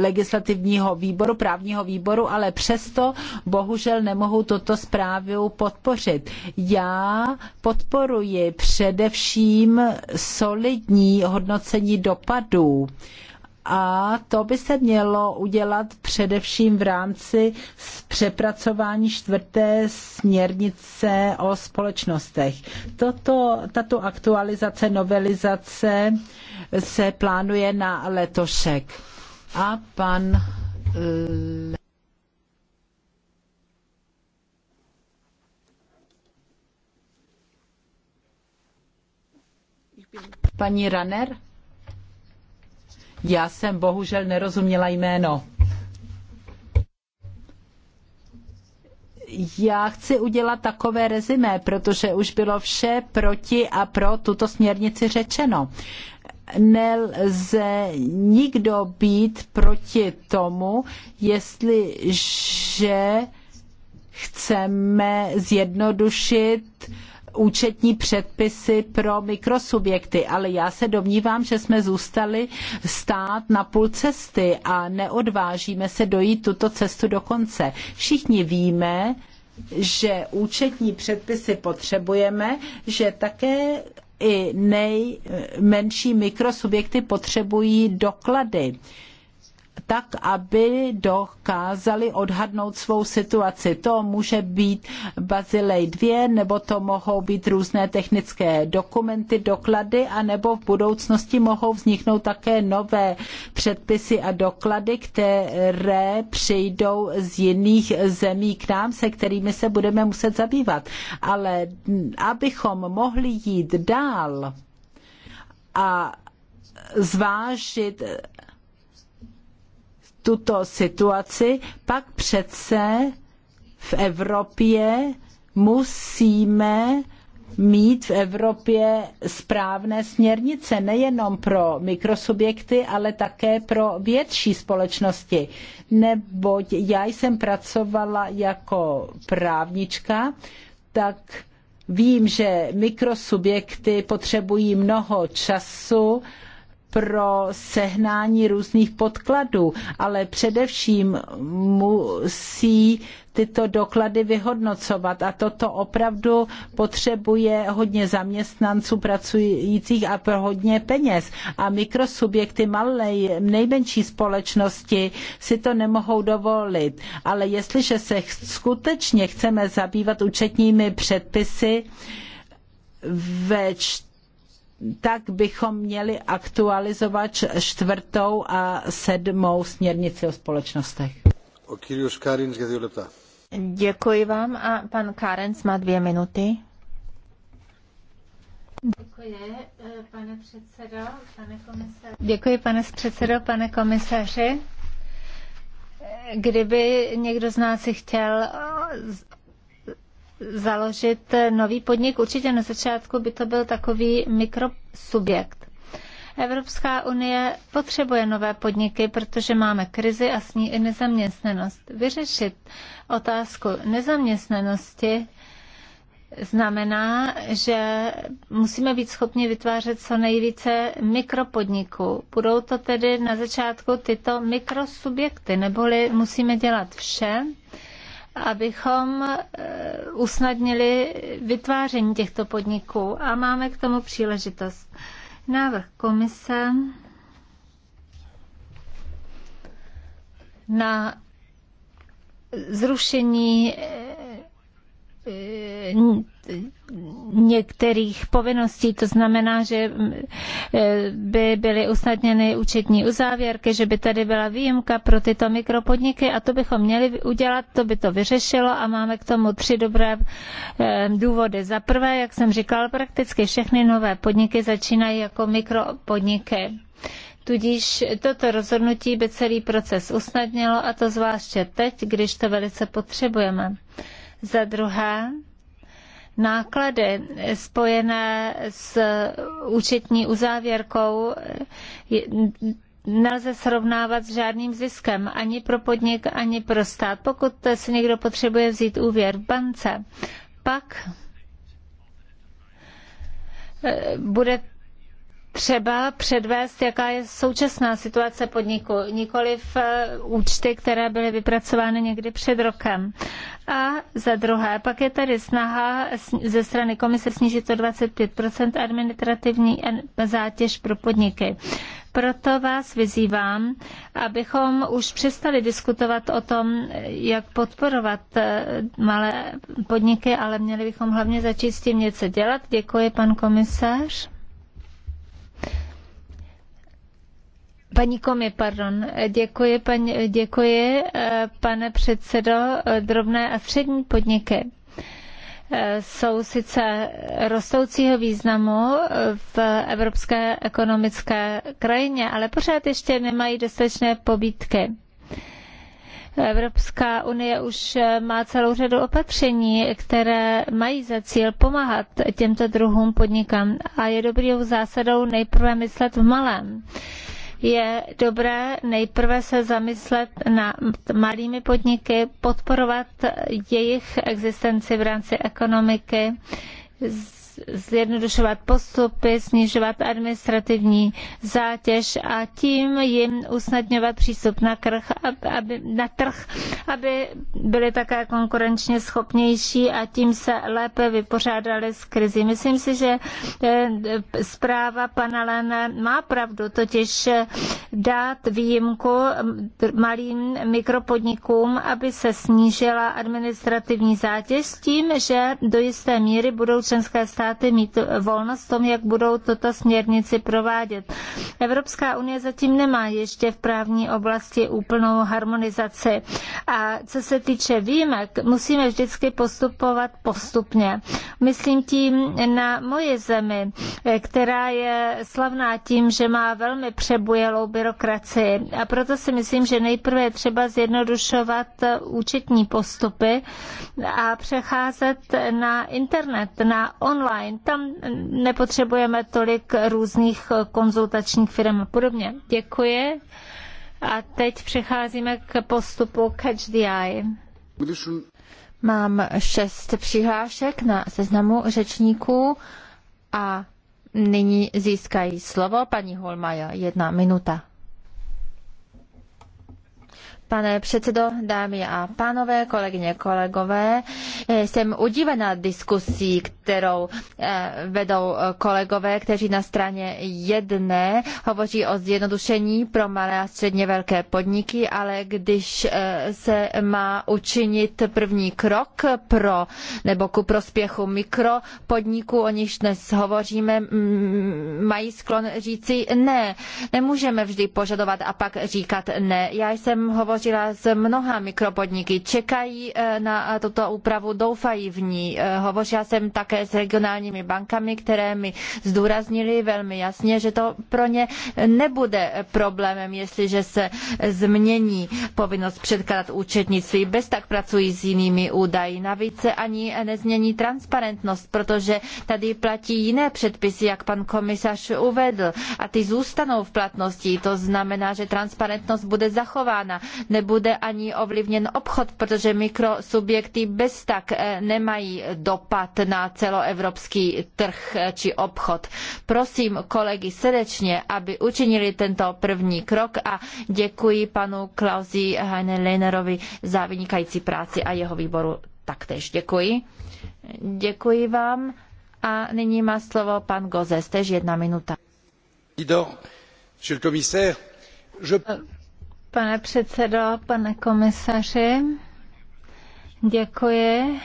legislativního výboru, právního výboru, ale přesto bohužel nemohu tuto zprávu podpořit. Já podporuji především solidní hodnocení dopadů a to by se mělo udělat především v rámci přepracování čtvrté směrnice o společnostech. Toto, tato aktualizace, novelizace se plánuje na letošek. A pan eh, Paní Runner? Já jsem bohužel nerozuměla jméno. já chci udělat takové rezimé, protože už bylo vše proti a pro tuto směrnici řečeno nelze nikdo být proti tomu, jestliže chceme zjednodušit účetní předpisy pro mikrosubjekty, ale já se domnívám, že jsme zůstali stát na půl cesty a neodvážíme se dojít tuto cestu do konce. Všichni víme, že účetní předpisy potřebujeme, že také i nejmenší mikrosubjekty potřebují doklady tak, aby dokázali odhadnout svou situaci. To může být Bazilej 2, nebo to mohou být různé technické dokumenty, doklady, a nebo v budoucnosti mohou vzniknout také nové předpisy a doklady, které přijdou z jiných zemí k nám, se kterými se budeme muset zabývat. Ale abychom mohli jít dál a zvážit tuto situaci, pak přece v Evropě musíme mít v Evropě správné směrnice nejenom pro mikrosubjekty, ale také pro větší společnosti. Neboť já jsem pracovala jako právnička, tak vím, že mikrosubjekty potřebují mnoho času pro sehnání různých podkladů, ale především musí tyto doklady vyhodnocovat a toto opravdu potřebuje hodně zaměstnanců pracujících a pro hodně peněz. A mikrosubjekty malé, nejmenší společnosti si to nemohou dovolit. Ale jestliže se skutečně chceme zabývat účetními předpisy, ve tak bychom měli aktualizovat čtvrtou a sedmou směrnici o společnostech. Děkuji vám a pan Karenc má dvě minuty. Děkuji, eh, pane předsedo, pane komisaři. Děkuji, pane předsedo, pane komisaři. Kdyby někdo z nás si chtěl založit nový podnik. Určitě na začátku by to byl takový mikrosubjekt. Evropská unie potřebuje nové podniky, protože máme krizi a s ní i nezaměstnanost. Vyřešit otázku nezaměstnanosti znamená, že musíme být schopni vytvářet co nejvíce mikropodniků. Budou to tedy na začátku tyto mikrosubjekty, neboli musíme dělat vše, abychom eh, usnadnili vytváření těchto podniků a máme k tomu příležitost. Návrh komise na zrušení eh, Eh, některých povinností, to znamená, že eh, by byly usnadněny účetní uzávěrky, že by tady byla výjimka pro tyto mikropodniky a to bychom měli udělat, to by to vyřešilo a máme k tomu tři dobré eh, důvody. Za prvé, jak jsem říkal, prakticky všechny nové podniky začínají jako mikropodniky. Tudíž toto rozhodnutí by celý proces usnadnilo a to zvláště teď, když to velice potřebujeme. Za druhé, náklady spojené s účetní uzávěrkou nelze srovnávat s žádným ziskem, ani pro podnik, ani pro stát. Pokud si někdo potřebuje vzít úvěr v bance, pak eh, bude třeba předvést, jaká je současná situace podniku, nikoliv eh, účty, které byly vypracovány někdy před rokem. A za druhé, pak je tady snaha ze strany komise snížit o 25 administrativní zátěž pro podniky. Proto vás vyzývám, abychom už přestali diskutovat o tom, jak podporovat eh, malé podniky, ale měli bychom hlavně začít s tím něco dělat. Děkuji, pan komisař. Paní Komi, pardon. Děkuji, paní, děkuji, eh, pane předsedo, drobné a střední podniky eh, jsou sice rostoucího významu eh, v evropské ekonomické krajině, ale pořád ještě nemají dostatečné pobídky. Evropská unie už má celou řadu opatření, které mají za cíl pomáhat těmto druhům podnikám a je dobrou zásadou nejprve myslet v malém je dobré nejprve se zamyslet na malými podniky, podporovat jejich existenci v rámci ekonomiky, zjednodušovat postupy, snižovat administrativní zátěž a tím jim usnadňovat přístup na, krh, aby, na trh, aby byli také konkurenčně schopnější a tím se lépe vypořádali s krizí. Myslím si, že eh, zpráva pana Lene má pravdu, totiž eh, dát výjimku malým mikropodnikům, aby se snížila administrativní zátěž s tím, že do jisté míry budou členské státy státy mít volnost v tom, jak budou toto směrnici provádět. Evropská unie zatím nemá ještě v právní oblasti úplnou harmonizaci. A co se týče výjimek, musíme vždycky postupovat postupně. Myslím tím na moje zemi, která je slavná tím, že má velmi přebujelou byrokracii. A proto si myslím, že nejprve je třeba zjednodušovat účetní postupy a přecházet na internet, na online online. Tam nepotřebujeme tolik různých konzultačních firm a podobně. Děkuji. A teď přecházíme k postupu Catch the Eye. Mám šest přihlášek na seznamu řečníků a nyní získají slovo paní Holmaja. Jedna minuta. Pane předsedo, dámy a pánové, kolegyně, kolegové, jsem udivena diskusí, kterou eh, vedou eh, kolegové, kteří na straně jedné hovoří o zjednodušení pro malé a středně velké podniky, ale když eh, se má učinit první krok pro nebo ku prospěchu mikropodniků, o nichž dnes hovoříme, mají sklon říci ne. Nemůžeme vždy požadovat a pak říkat ne. Já jsem hovořila hovořila s mnoha mikropodniky. Čekají eh, na eh, tuto úpravu, doufají v ní. Eh, hovořila jsem také s regionálními bankami, které mi zdůraznili velmi jasně, že to pro ně nebude problémem, jestliže se změní povinnost předkládat účetnictví. Bez tak pracují s jinými údaji. Navíc se ani nezmění transparentnost, protože tady platí jiné předpisy, jak pan komisař uvedl. A ty zůstanou v platnosti. To znamená, že transparentnost bude zachována nebude ani ovlivněn obchod, protože mikrosubjekty bez tak eh, nemají dopad na celoevropský trh eh, či obchod. Prosím kolegy srdečně, aby učinili tento první krok a děkuji panu Klausi Heinlenerovi za vynikající práci a jeho výboru taktéž. Děkuji. Děkuji vám. A nyní má slovo pan Gozes, tež jedna minuta pane předsedo, pane komisaři. Děkuji.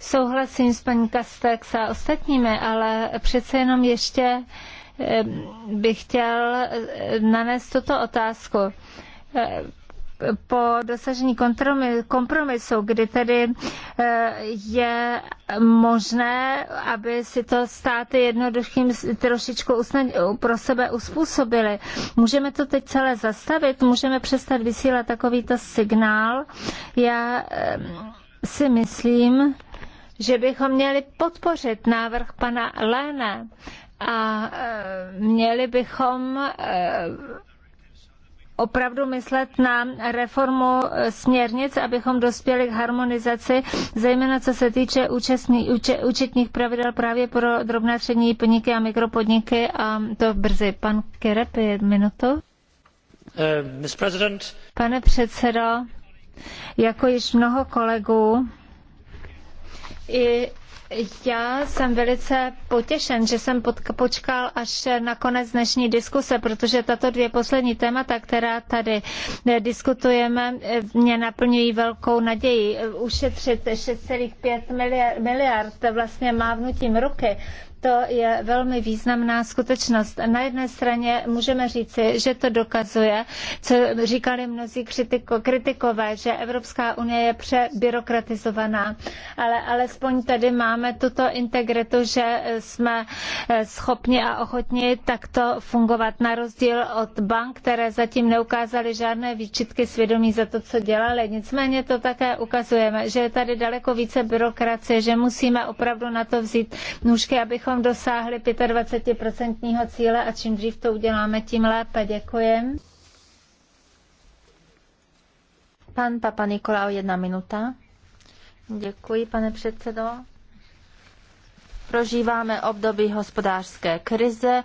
Souhlasím s paní Kastex a ostatními, ale přece jenom ještě eh, bych chtěl eh, nanést tuto otázku eh, po dosažení kompromisu, kdy tedy eh, je možné, aby si to státy jednoduchým trošičku pro sebe uspůsobili. Můžeme to teď celé zastavit, můžeme přestat vysílat takovýto signál. Já eh, si myslím, že bychom měli podpořit návrh pana Léne a eh, měli bychom opravdu myslet na reformu směrnic, abychom dospěli k harmonizaci, zejména co se týče účetních pravidel právě pro drobné střední podniky a mikropodniky a to brzy. Pan Kerep, je minutu. Uh, Pane předsedo, jako již mnoho kolegů, i já jsem velice potěšen, že jsem počkal až na konec dnešní diskuse, protože tato dvě poslední témata, která tady eh, diskutujeme, eh, mě naplňují velkou naději. Eh, ušetřit 6,5 miliard, miliard vlastně mávnutím ruky to je velmi významná skutečnost. Na jedné straně můžeme říci, že to dokazuje, co říkali mnozí kritiko, kritikové, že Evropská unie je přebyrokratizovaná, ale alespoň tady máme tuto integritu, že jsme schopni a ochotni takto fungovat, na rozdíl od bank, které zatím neukázaly žádné výčitky svědomí za to, co dělali. Nicméně to také ukazujeme, že je tady daleko více byrokracie, že musíme opravdu na to vzít nůžky, abychom abychom dosáhli 25% cíle a čím dřív to uděláme, tím lépe. Děkujem. Pan Papa Nikolau, jedna minuta. Děkuji, pane předsedo. Prožíváme období hospodářské krize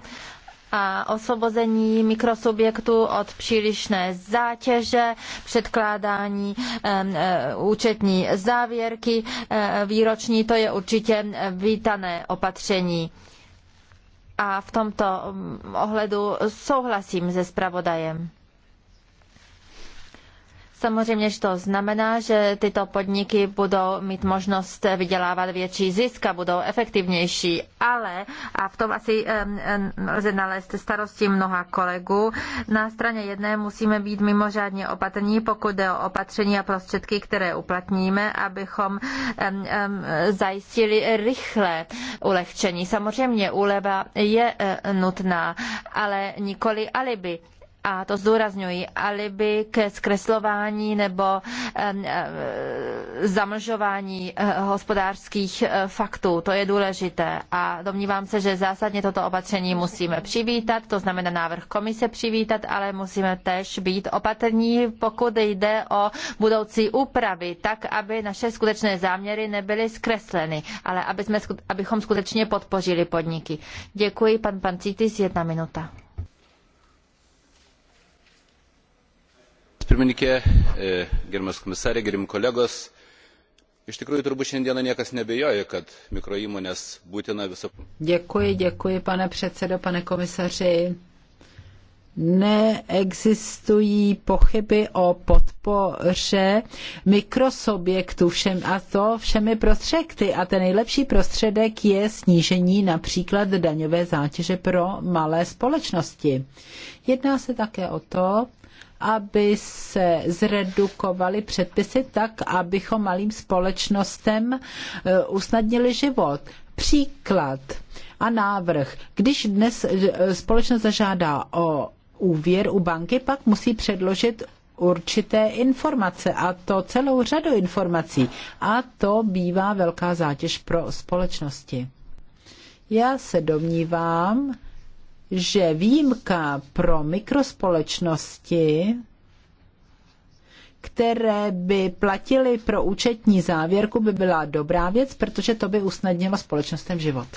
a osvobození mikrosubjektu od přílišné zátěže, předkládání e, účetní závěrky e, výroční, to je určitě vítané opatření. A v tomto mm, ohledu souhlasím se zpravodajem. Samozřejmě, že to znamená, že tyto podniky budou mít možnost vydělávat větší zisk a budou efektivnější, ale, a v tom asi lze nalézt starosti mnoha kolegů, na straně jedné musíme být mimořádně opatrní, pokud jde o opatření a prostředky, které uplatníme, abychom zajistili rychlé ulehčení. Samozřejmě úleva je e, nutná, ale nikoli alibi a to zdůrazňuji, alibi ke zkreslování nebo zamlžování eh, hospodářských eh, faktů. To je důležité a domnívám se, že zásadně toto opatření musíme přivítat, to znamená návrh komise přivítat, ale musíme tež být opatrní, pokud jde o budoucí úpravy, tak aby naše skutečné záměry nebyly zkresleny, ale aby jsme, abychom skutečně podpořili podniky. Děkuji, pan Pancitis, jedna minuta. E, gerbiamas komisare gerbiami kolegos iš tikrųjų turbūt šiandieną niekas neabejoja kad mikroįmones būtina visapusiškai neexistují pochyby o podpoře mikrosubjektů všem a to všemi prostředky. A ten nejlepší prostředek je snížení například daňové zátěže pro malé společnosti. Jedná se také o to, aby se zredukovaly předpisy tak, abychom malým společnostem e, usnadnili život. Příklad a návrh. Když dnes e, společnost zažádá o úvěr u banky, pak musí předložit určité informace a to celou řadu informací a to bývá velká zátěž pro společnosti. Já se domnívám, že výjimka pro mikrospolečnosti které by platily pro účetní závěrku, by byla dobrá věc, protože to by usnadnilo společnostem život.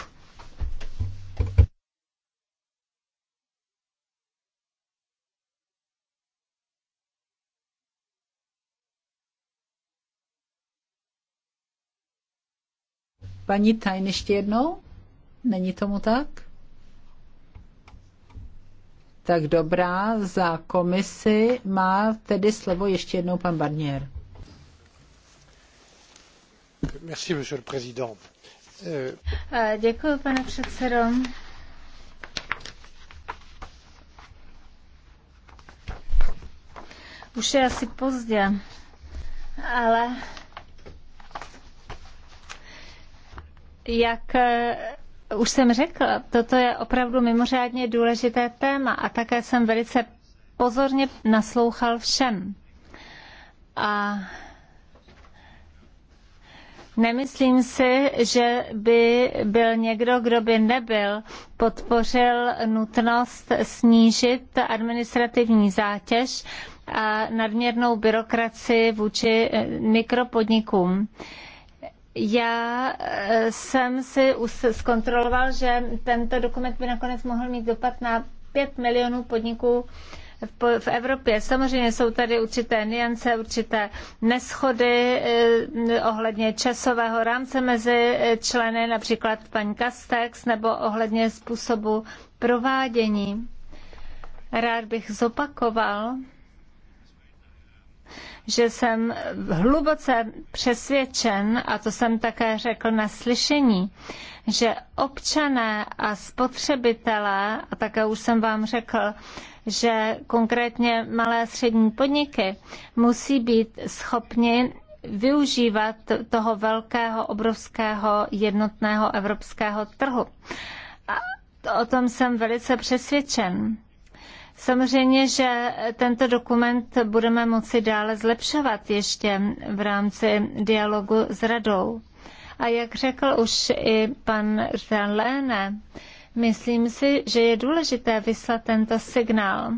Paní Tajn ještě jednou? Není tomu tak? Tak dobrá, za komisi má tedy slovo ještě jednou pan Barnier. Merci, monsieur le président. Eh, děkuji, pane předsedo. Už je asi pozdě, ale jak eh, už jsem řekla, toto je opravdu mimořádně důležité téma a také jsem velice pozorně naslouchal všem. A Nemyslím si, že by byl někdo, kdo by nebyl, podpořil nutnost snížit administrativní zátěž a nadměrnou byrokraci vůči eh, mikropodnikům já eh, jsem si zkontroloval, že tento dokument by nakonec mohl mít dopad na 5 milionů podniků v Evropě. Samozřejmě jsou tady určité niance, určité neschody eh, ohledně časového rámce mezi eh, členy, například paní Kastex, nebo ohledně způsobu provádění. Rád bych zopakoval, že jsem hluboce přesvědčen, a to jsem také řekl na slyšení, že občané a spotřebitelé, a také už jsem vám řekl, že konkrétně malé a střední podniky musí být schopni využívat toho velkého, obrovského, jednotného evropského trhu. A o tom jsem velice přesvědčen. Samozřejmě, že tento dokument budeme moci dále zlepšovat ještě v rámci dialogu s radou. A jak řekl už i pan Léne, myslím si, že je důležité vyslat tento signál.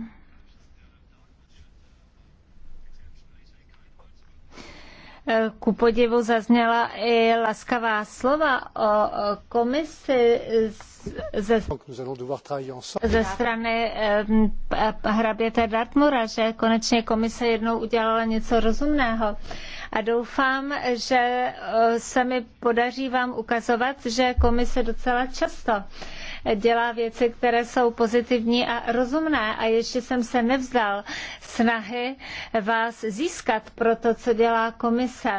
ku podivu zazněla i laskavá slova o komisi ze, ze strany hraběte Dartmura, že konečně komise jednou udělala něco rozumného. A doufám, že se mi podaří vám ukazovat, že komise docela často dělá věci, které jsou pozitivní a rozumné. A ještě jsem se nevzdal snahy vás získat pro to, co dělá komise.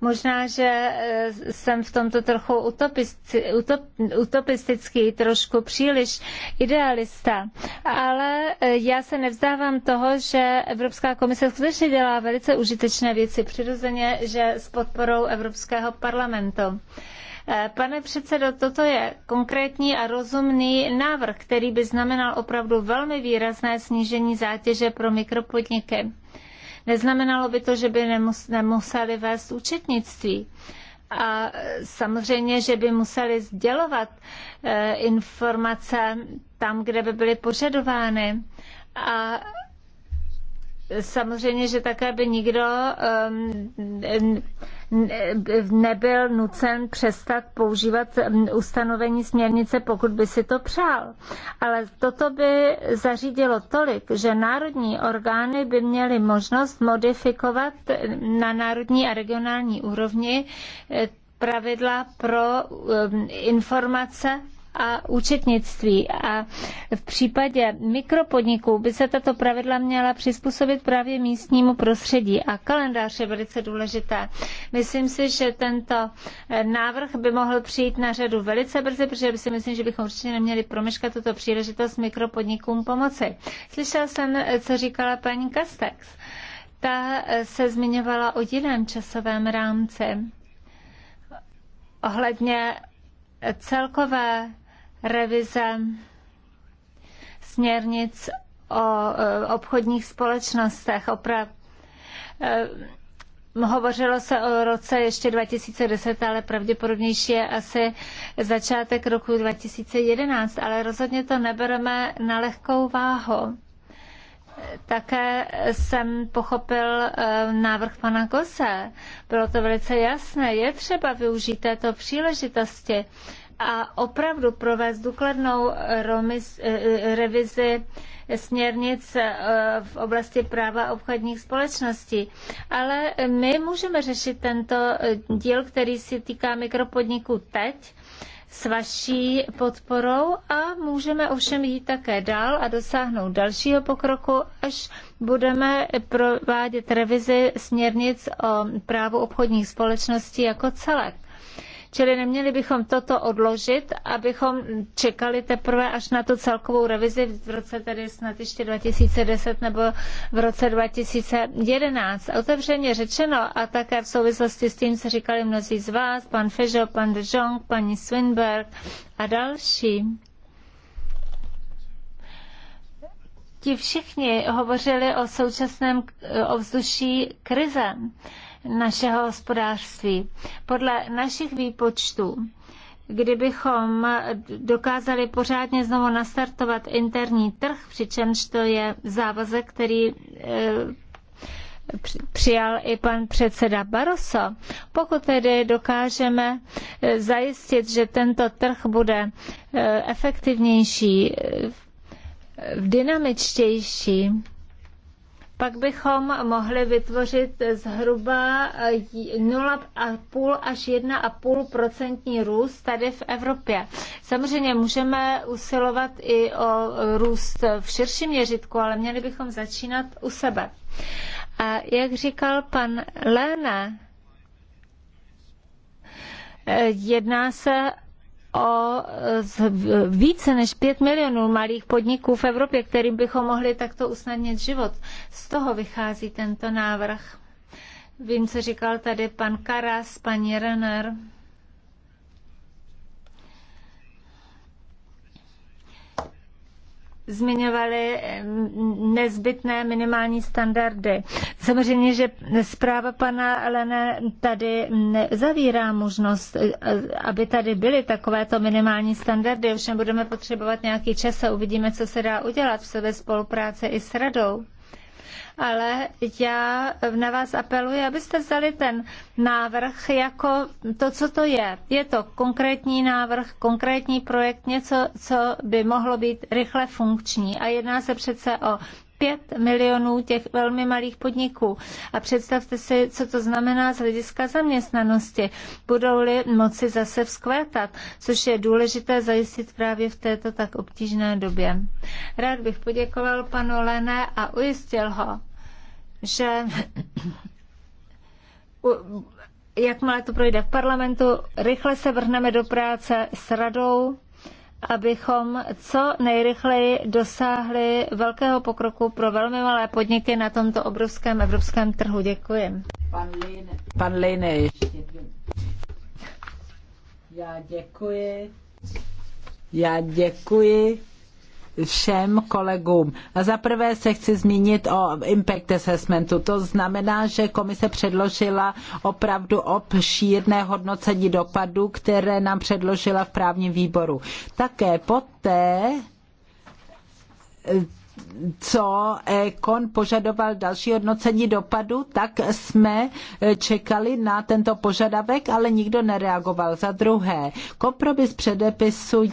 Možná, že eh, jsem v tomto trochu utopistický, trošku příliš idealista, ale eh, já se nevzdávám toho, že Evropská komise skutečně dělá velice užitečné věci. Přirozeně, že s podporou Evropského parlamentu. Eh, pane předsedo, toto je konkrétní a rozumný návrh, který by znamenal opravdu velmi výrazné snížení zátěže pro mikropodniky. Neznamenalo by to, že by nemus- nemuseli vést účetnictví. A eh, samozřejmě, že by museli sdělovat eh, informace tam, kde by byly požadovány. A samozřejmě, že také by nikdo ehm, nebyl nucen přestat používat mm, ustanovení směrnice, pokud by si to přál. Ale toto by zařídilo tolik, že národní orgány by měly možnost modifikovat na národní a regionální úrovni eh, pravidla pro mm, informace a účetnictví. A v případě mikropodniků by se tato pravidla měla přizpůsobit právě místnímu prostředí. A kalendář je velice důležitý. Myslím si, že tento eh, návrh by mohl přijít na řadu velice brzy, protože si myslím, že bychom určitě neměli promeškat tuto příležitost mikropodnikům pomoci. Slyšela jsem, eh, co říkala paní Kastex. Ta eh, se zmiňovala o jiném časovém rámci ohledně celkové revize směrnic o eh, obchodních společnostech. Oprav, eh, Hovořilo se o roce ještě 2010, ale pravděpodobnější je asi začátek roku 2011, ale rozhodně to nebereme na lehkou váhu. Také jsem pochopil eh, návrh pana Kose. Bylo to velice jasné. Je třeba využít této příležitosti a opravdu provést důkladnou romis, eh, eh, revizi směrnic eh, v oblasti práva obchodních společností. Ale my můžeme řešit tento díl, který se týká mikropodniků teď, s vaší podporou a můžeme ovšem jít také dál a dosáhnout dalšího pokroku, až budeme provádět revizi směrnic o právu obchodních společností jako celek. Čili neměli bychom toto odložit, abychom čekali teprve až na tu celkovou revizi v roce tedy snad ještě 2010 nebo v roce 2011. Otevřeně řečeno a také v souvislosti s tím, co říkali mnozí z vás, pan Fežo, pan De Jong, paní Swinberg a další. Ti všichni hovořili o současném ovzduší krize našeho hospodářství. Podle našich výpočtů kdybychom dokázali pořádně znovu nastartovat interní trh, přičemž to je závazek, který eh, přijal i pan předseda Barroso. Pokud tedy dokážeme eh, zajistit, že tento trh bude eh, efektivnější, dynamičtější, pak bychom mohli vytvořit zhruba 0,5 až 1,5 růst tady v Evropě. Samozřejmě můžeme usilovat i o růst v širším měřitku, ale měli bychom začínat u sebe. A jak říkal pan Léna, eh, jedná se o více než 5 milionů malých podniků v Evropě, kterým bychom mohli takto usnadnit život. Z toho vychází tento návrh. Vím, co říkal tady pan Karas, paní Renner. zmiňovali nezbytné minimální standardy. Samozřejmě, že zpráva pana Lene tady zavírá možnost, e, aby tady byly takovéto minimální standardy, ovšem budeme potřebovat nějaký čas a uvidíme, co se dá udělat v sebe spolupráce i s radou ale já na vás apeluji, abyste vzali ten návrh jako to, co to je. Je to konkrétní návrh, konkrétní projekt, něco, co by mohlo být rychle funkční. A jedná se přece o 5 milionů těch velmi malých podniků. A představte si, co to znamená z hlediska zaměstnanosti. Budou-li moci zase vzkvétat, což je důležité zajistit právě v této tak obtížné době. Rád bych poděkoval panu Lené a ujistil ho, že jakmile to projde v parlamentu, rychle se vrhneme do práce s radou abychom co nejrychleji dosáhli velkého pokroku pro velmi malé podniky na tomto obrovském evropském trhu. Děkuji. Pan Lejne. Pan Já děkuji. Já děkuji všem kolegům. A za prvé se chci zmínit o impact assessmentu. To znamená, že komise předložila opravdu obšírné hodnocení dopadů, které nám předložila v právním výboru. Také poté co Econ požadoval další hodnocení dopadu, tak jsme eh, čekali na tento požadavek, ale nikdo nereagoval. Za druhé, kompromis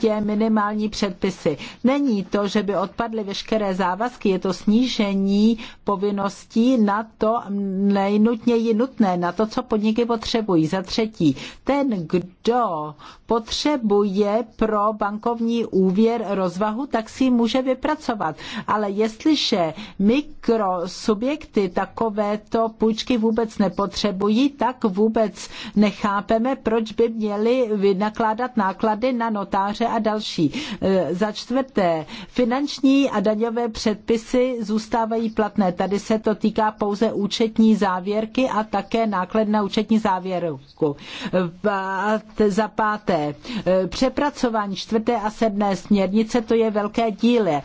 je minimální předpisy. Není to, že by odpadly veškeré závazky, je to snížení povinností na to nejnutněji nutné, na to, co podniky potřebují. Za třetí, ten, kdo potřebuje pro bankovní úvěr rozvahu, tak si ji může vypracovat. Ale ale jestliže mikrosubjekty takovéto půjčky vůbec nepotřebují, tak vůbec nechápeme, proč by měli vynakládat náklady na notáře a další. E, za čtvrté, finanční a daňové předpisy zůstávají platné. Tady se to týká pouze účetní závěrky a také náklad na účetní závěrku. Za páté, e, přepracování čtvrté a sedmé směrnice, to je velké díle. E,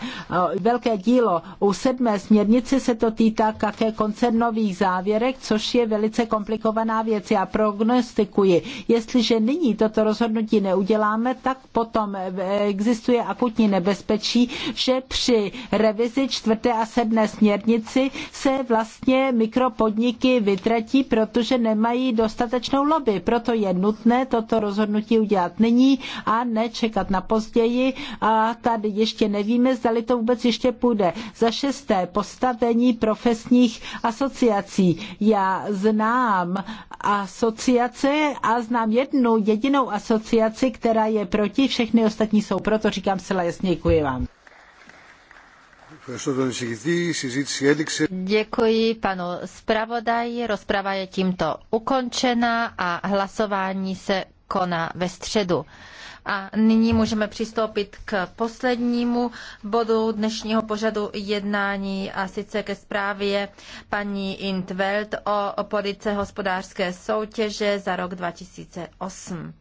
velké dílo. U sedmé směrnice se to týká také koncernových závěrek, což je velice komplikovaná věc. Já prognostikuji, jestliže nyní toto rozhodnutí neuděláme, tak potom existuje akutní nebezpečí, že při revizi čtvrté a sedmé směrnici se vlastně mikropodniky vytratí, protože nemají dostatečnou lobby. Proto je nutné toto rozhodnutí udělat nyní a nečekat na později. A tady ještě nevíme, zdali to vůbec ještě nepůjde. Za šesté, postavení profesních asociací. Já znám asociace a znám jednu jedinou asociaci, která je proti, všechny ostatní jsou proto, říkám zcela jasně, děkuji vám. Děkuji panu zpravodaji. Rozprava je tímto ukončena a hlasování se koná ve středu. A nyní můžeme přistoupit k poslednímu bodu dnešního pořadu jednání a sice ke zprávě paní Intveld o politice hospodářské soutěže za rok 2008.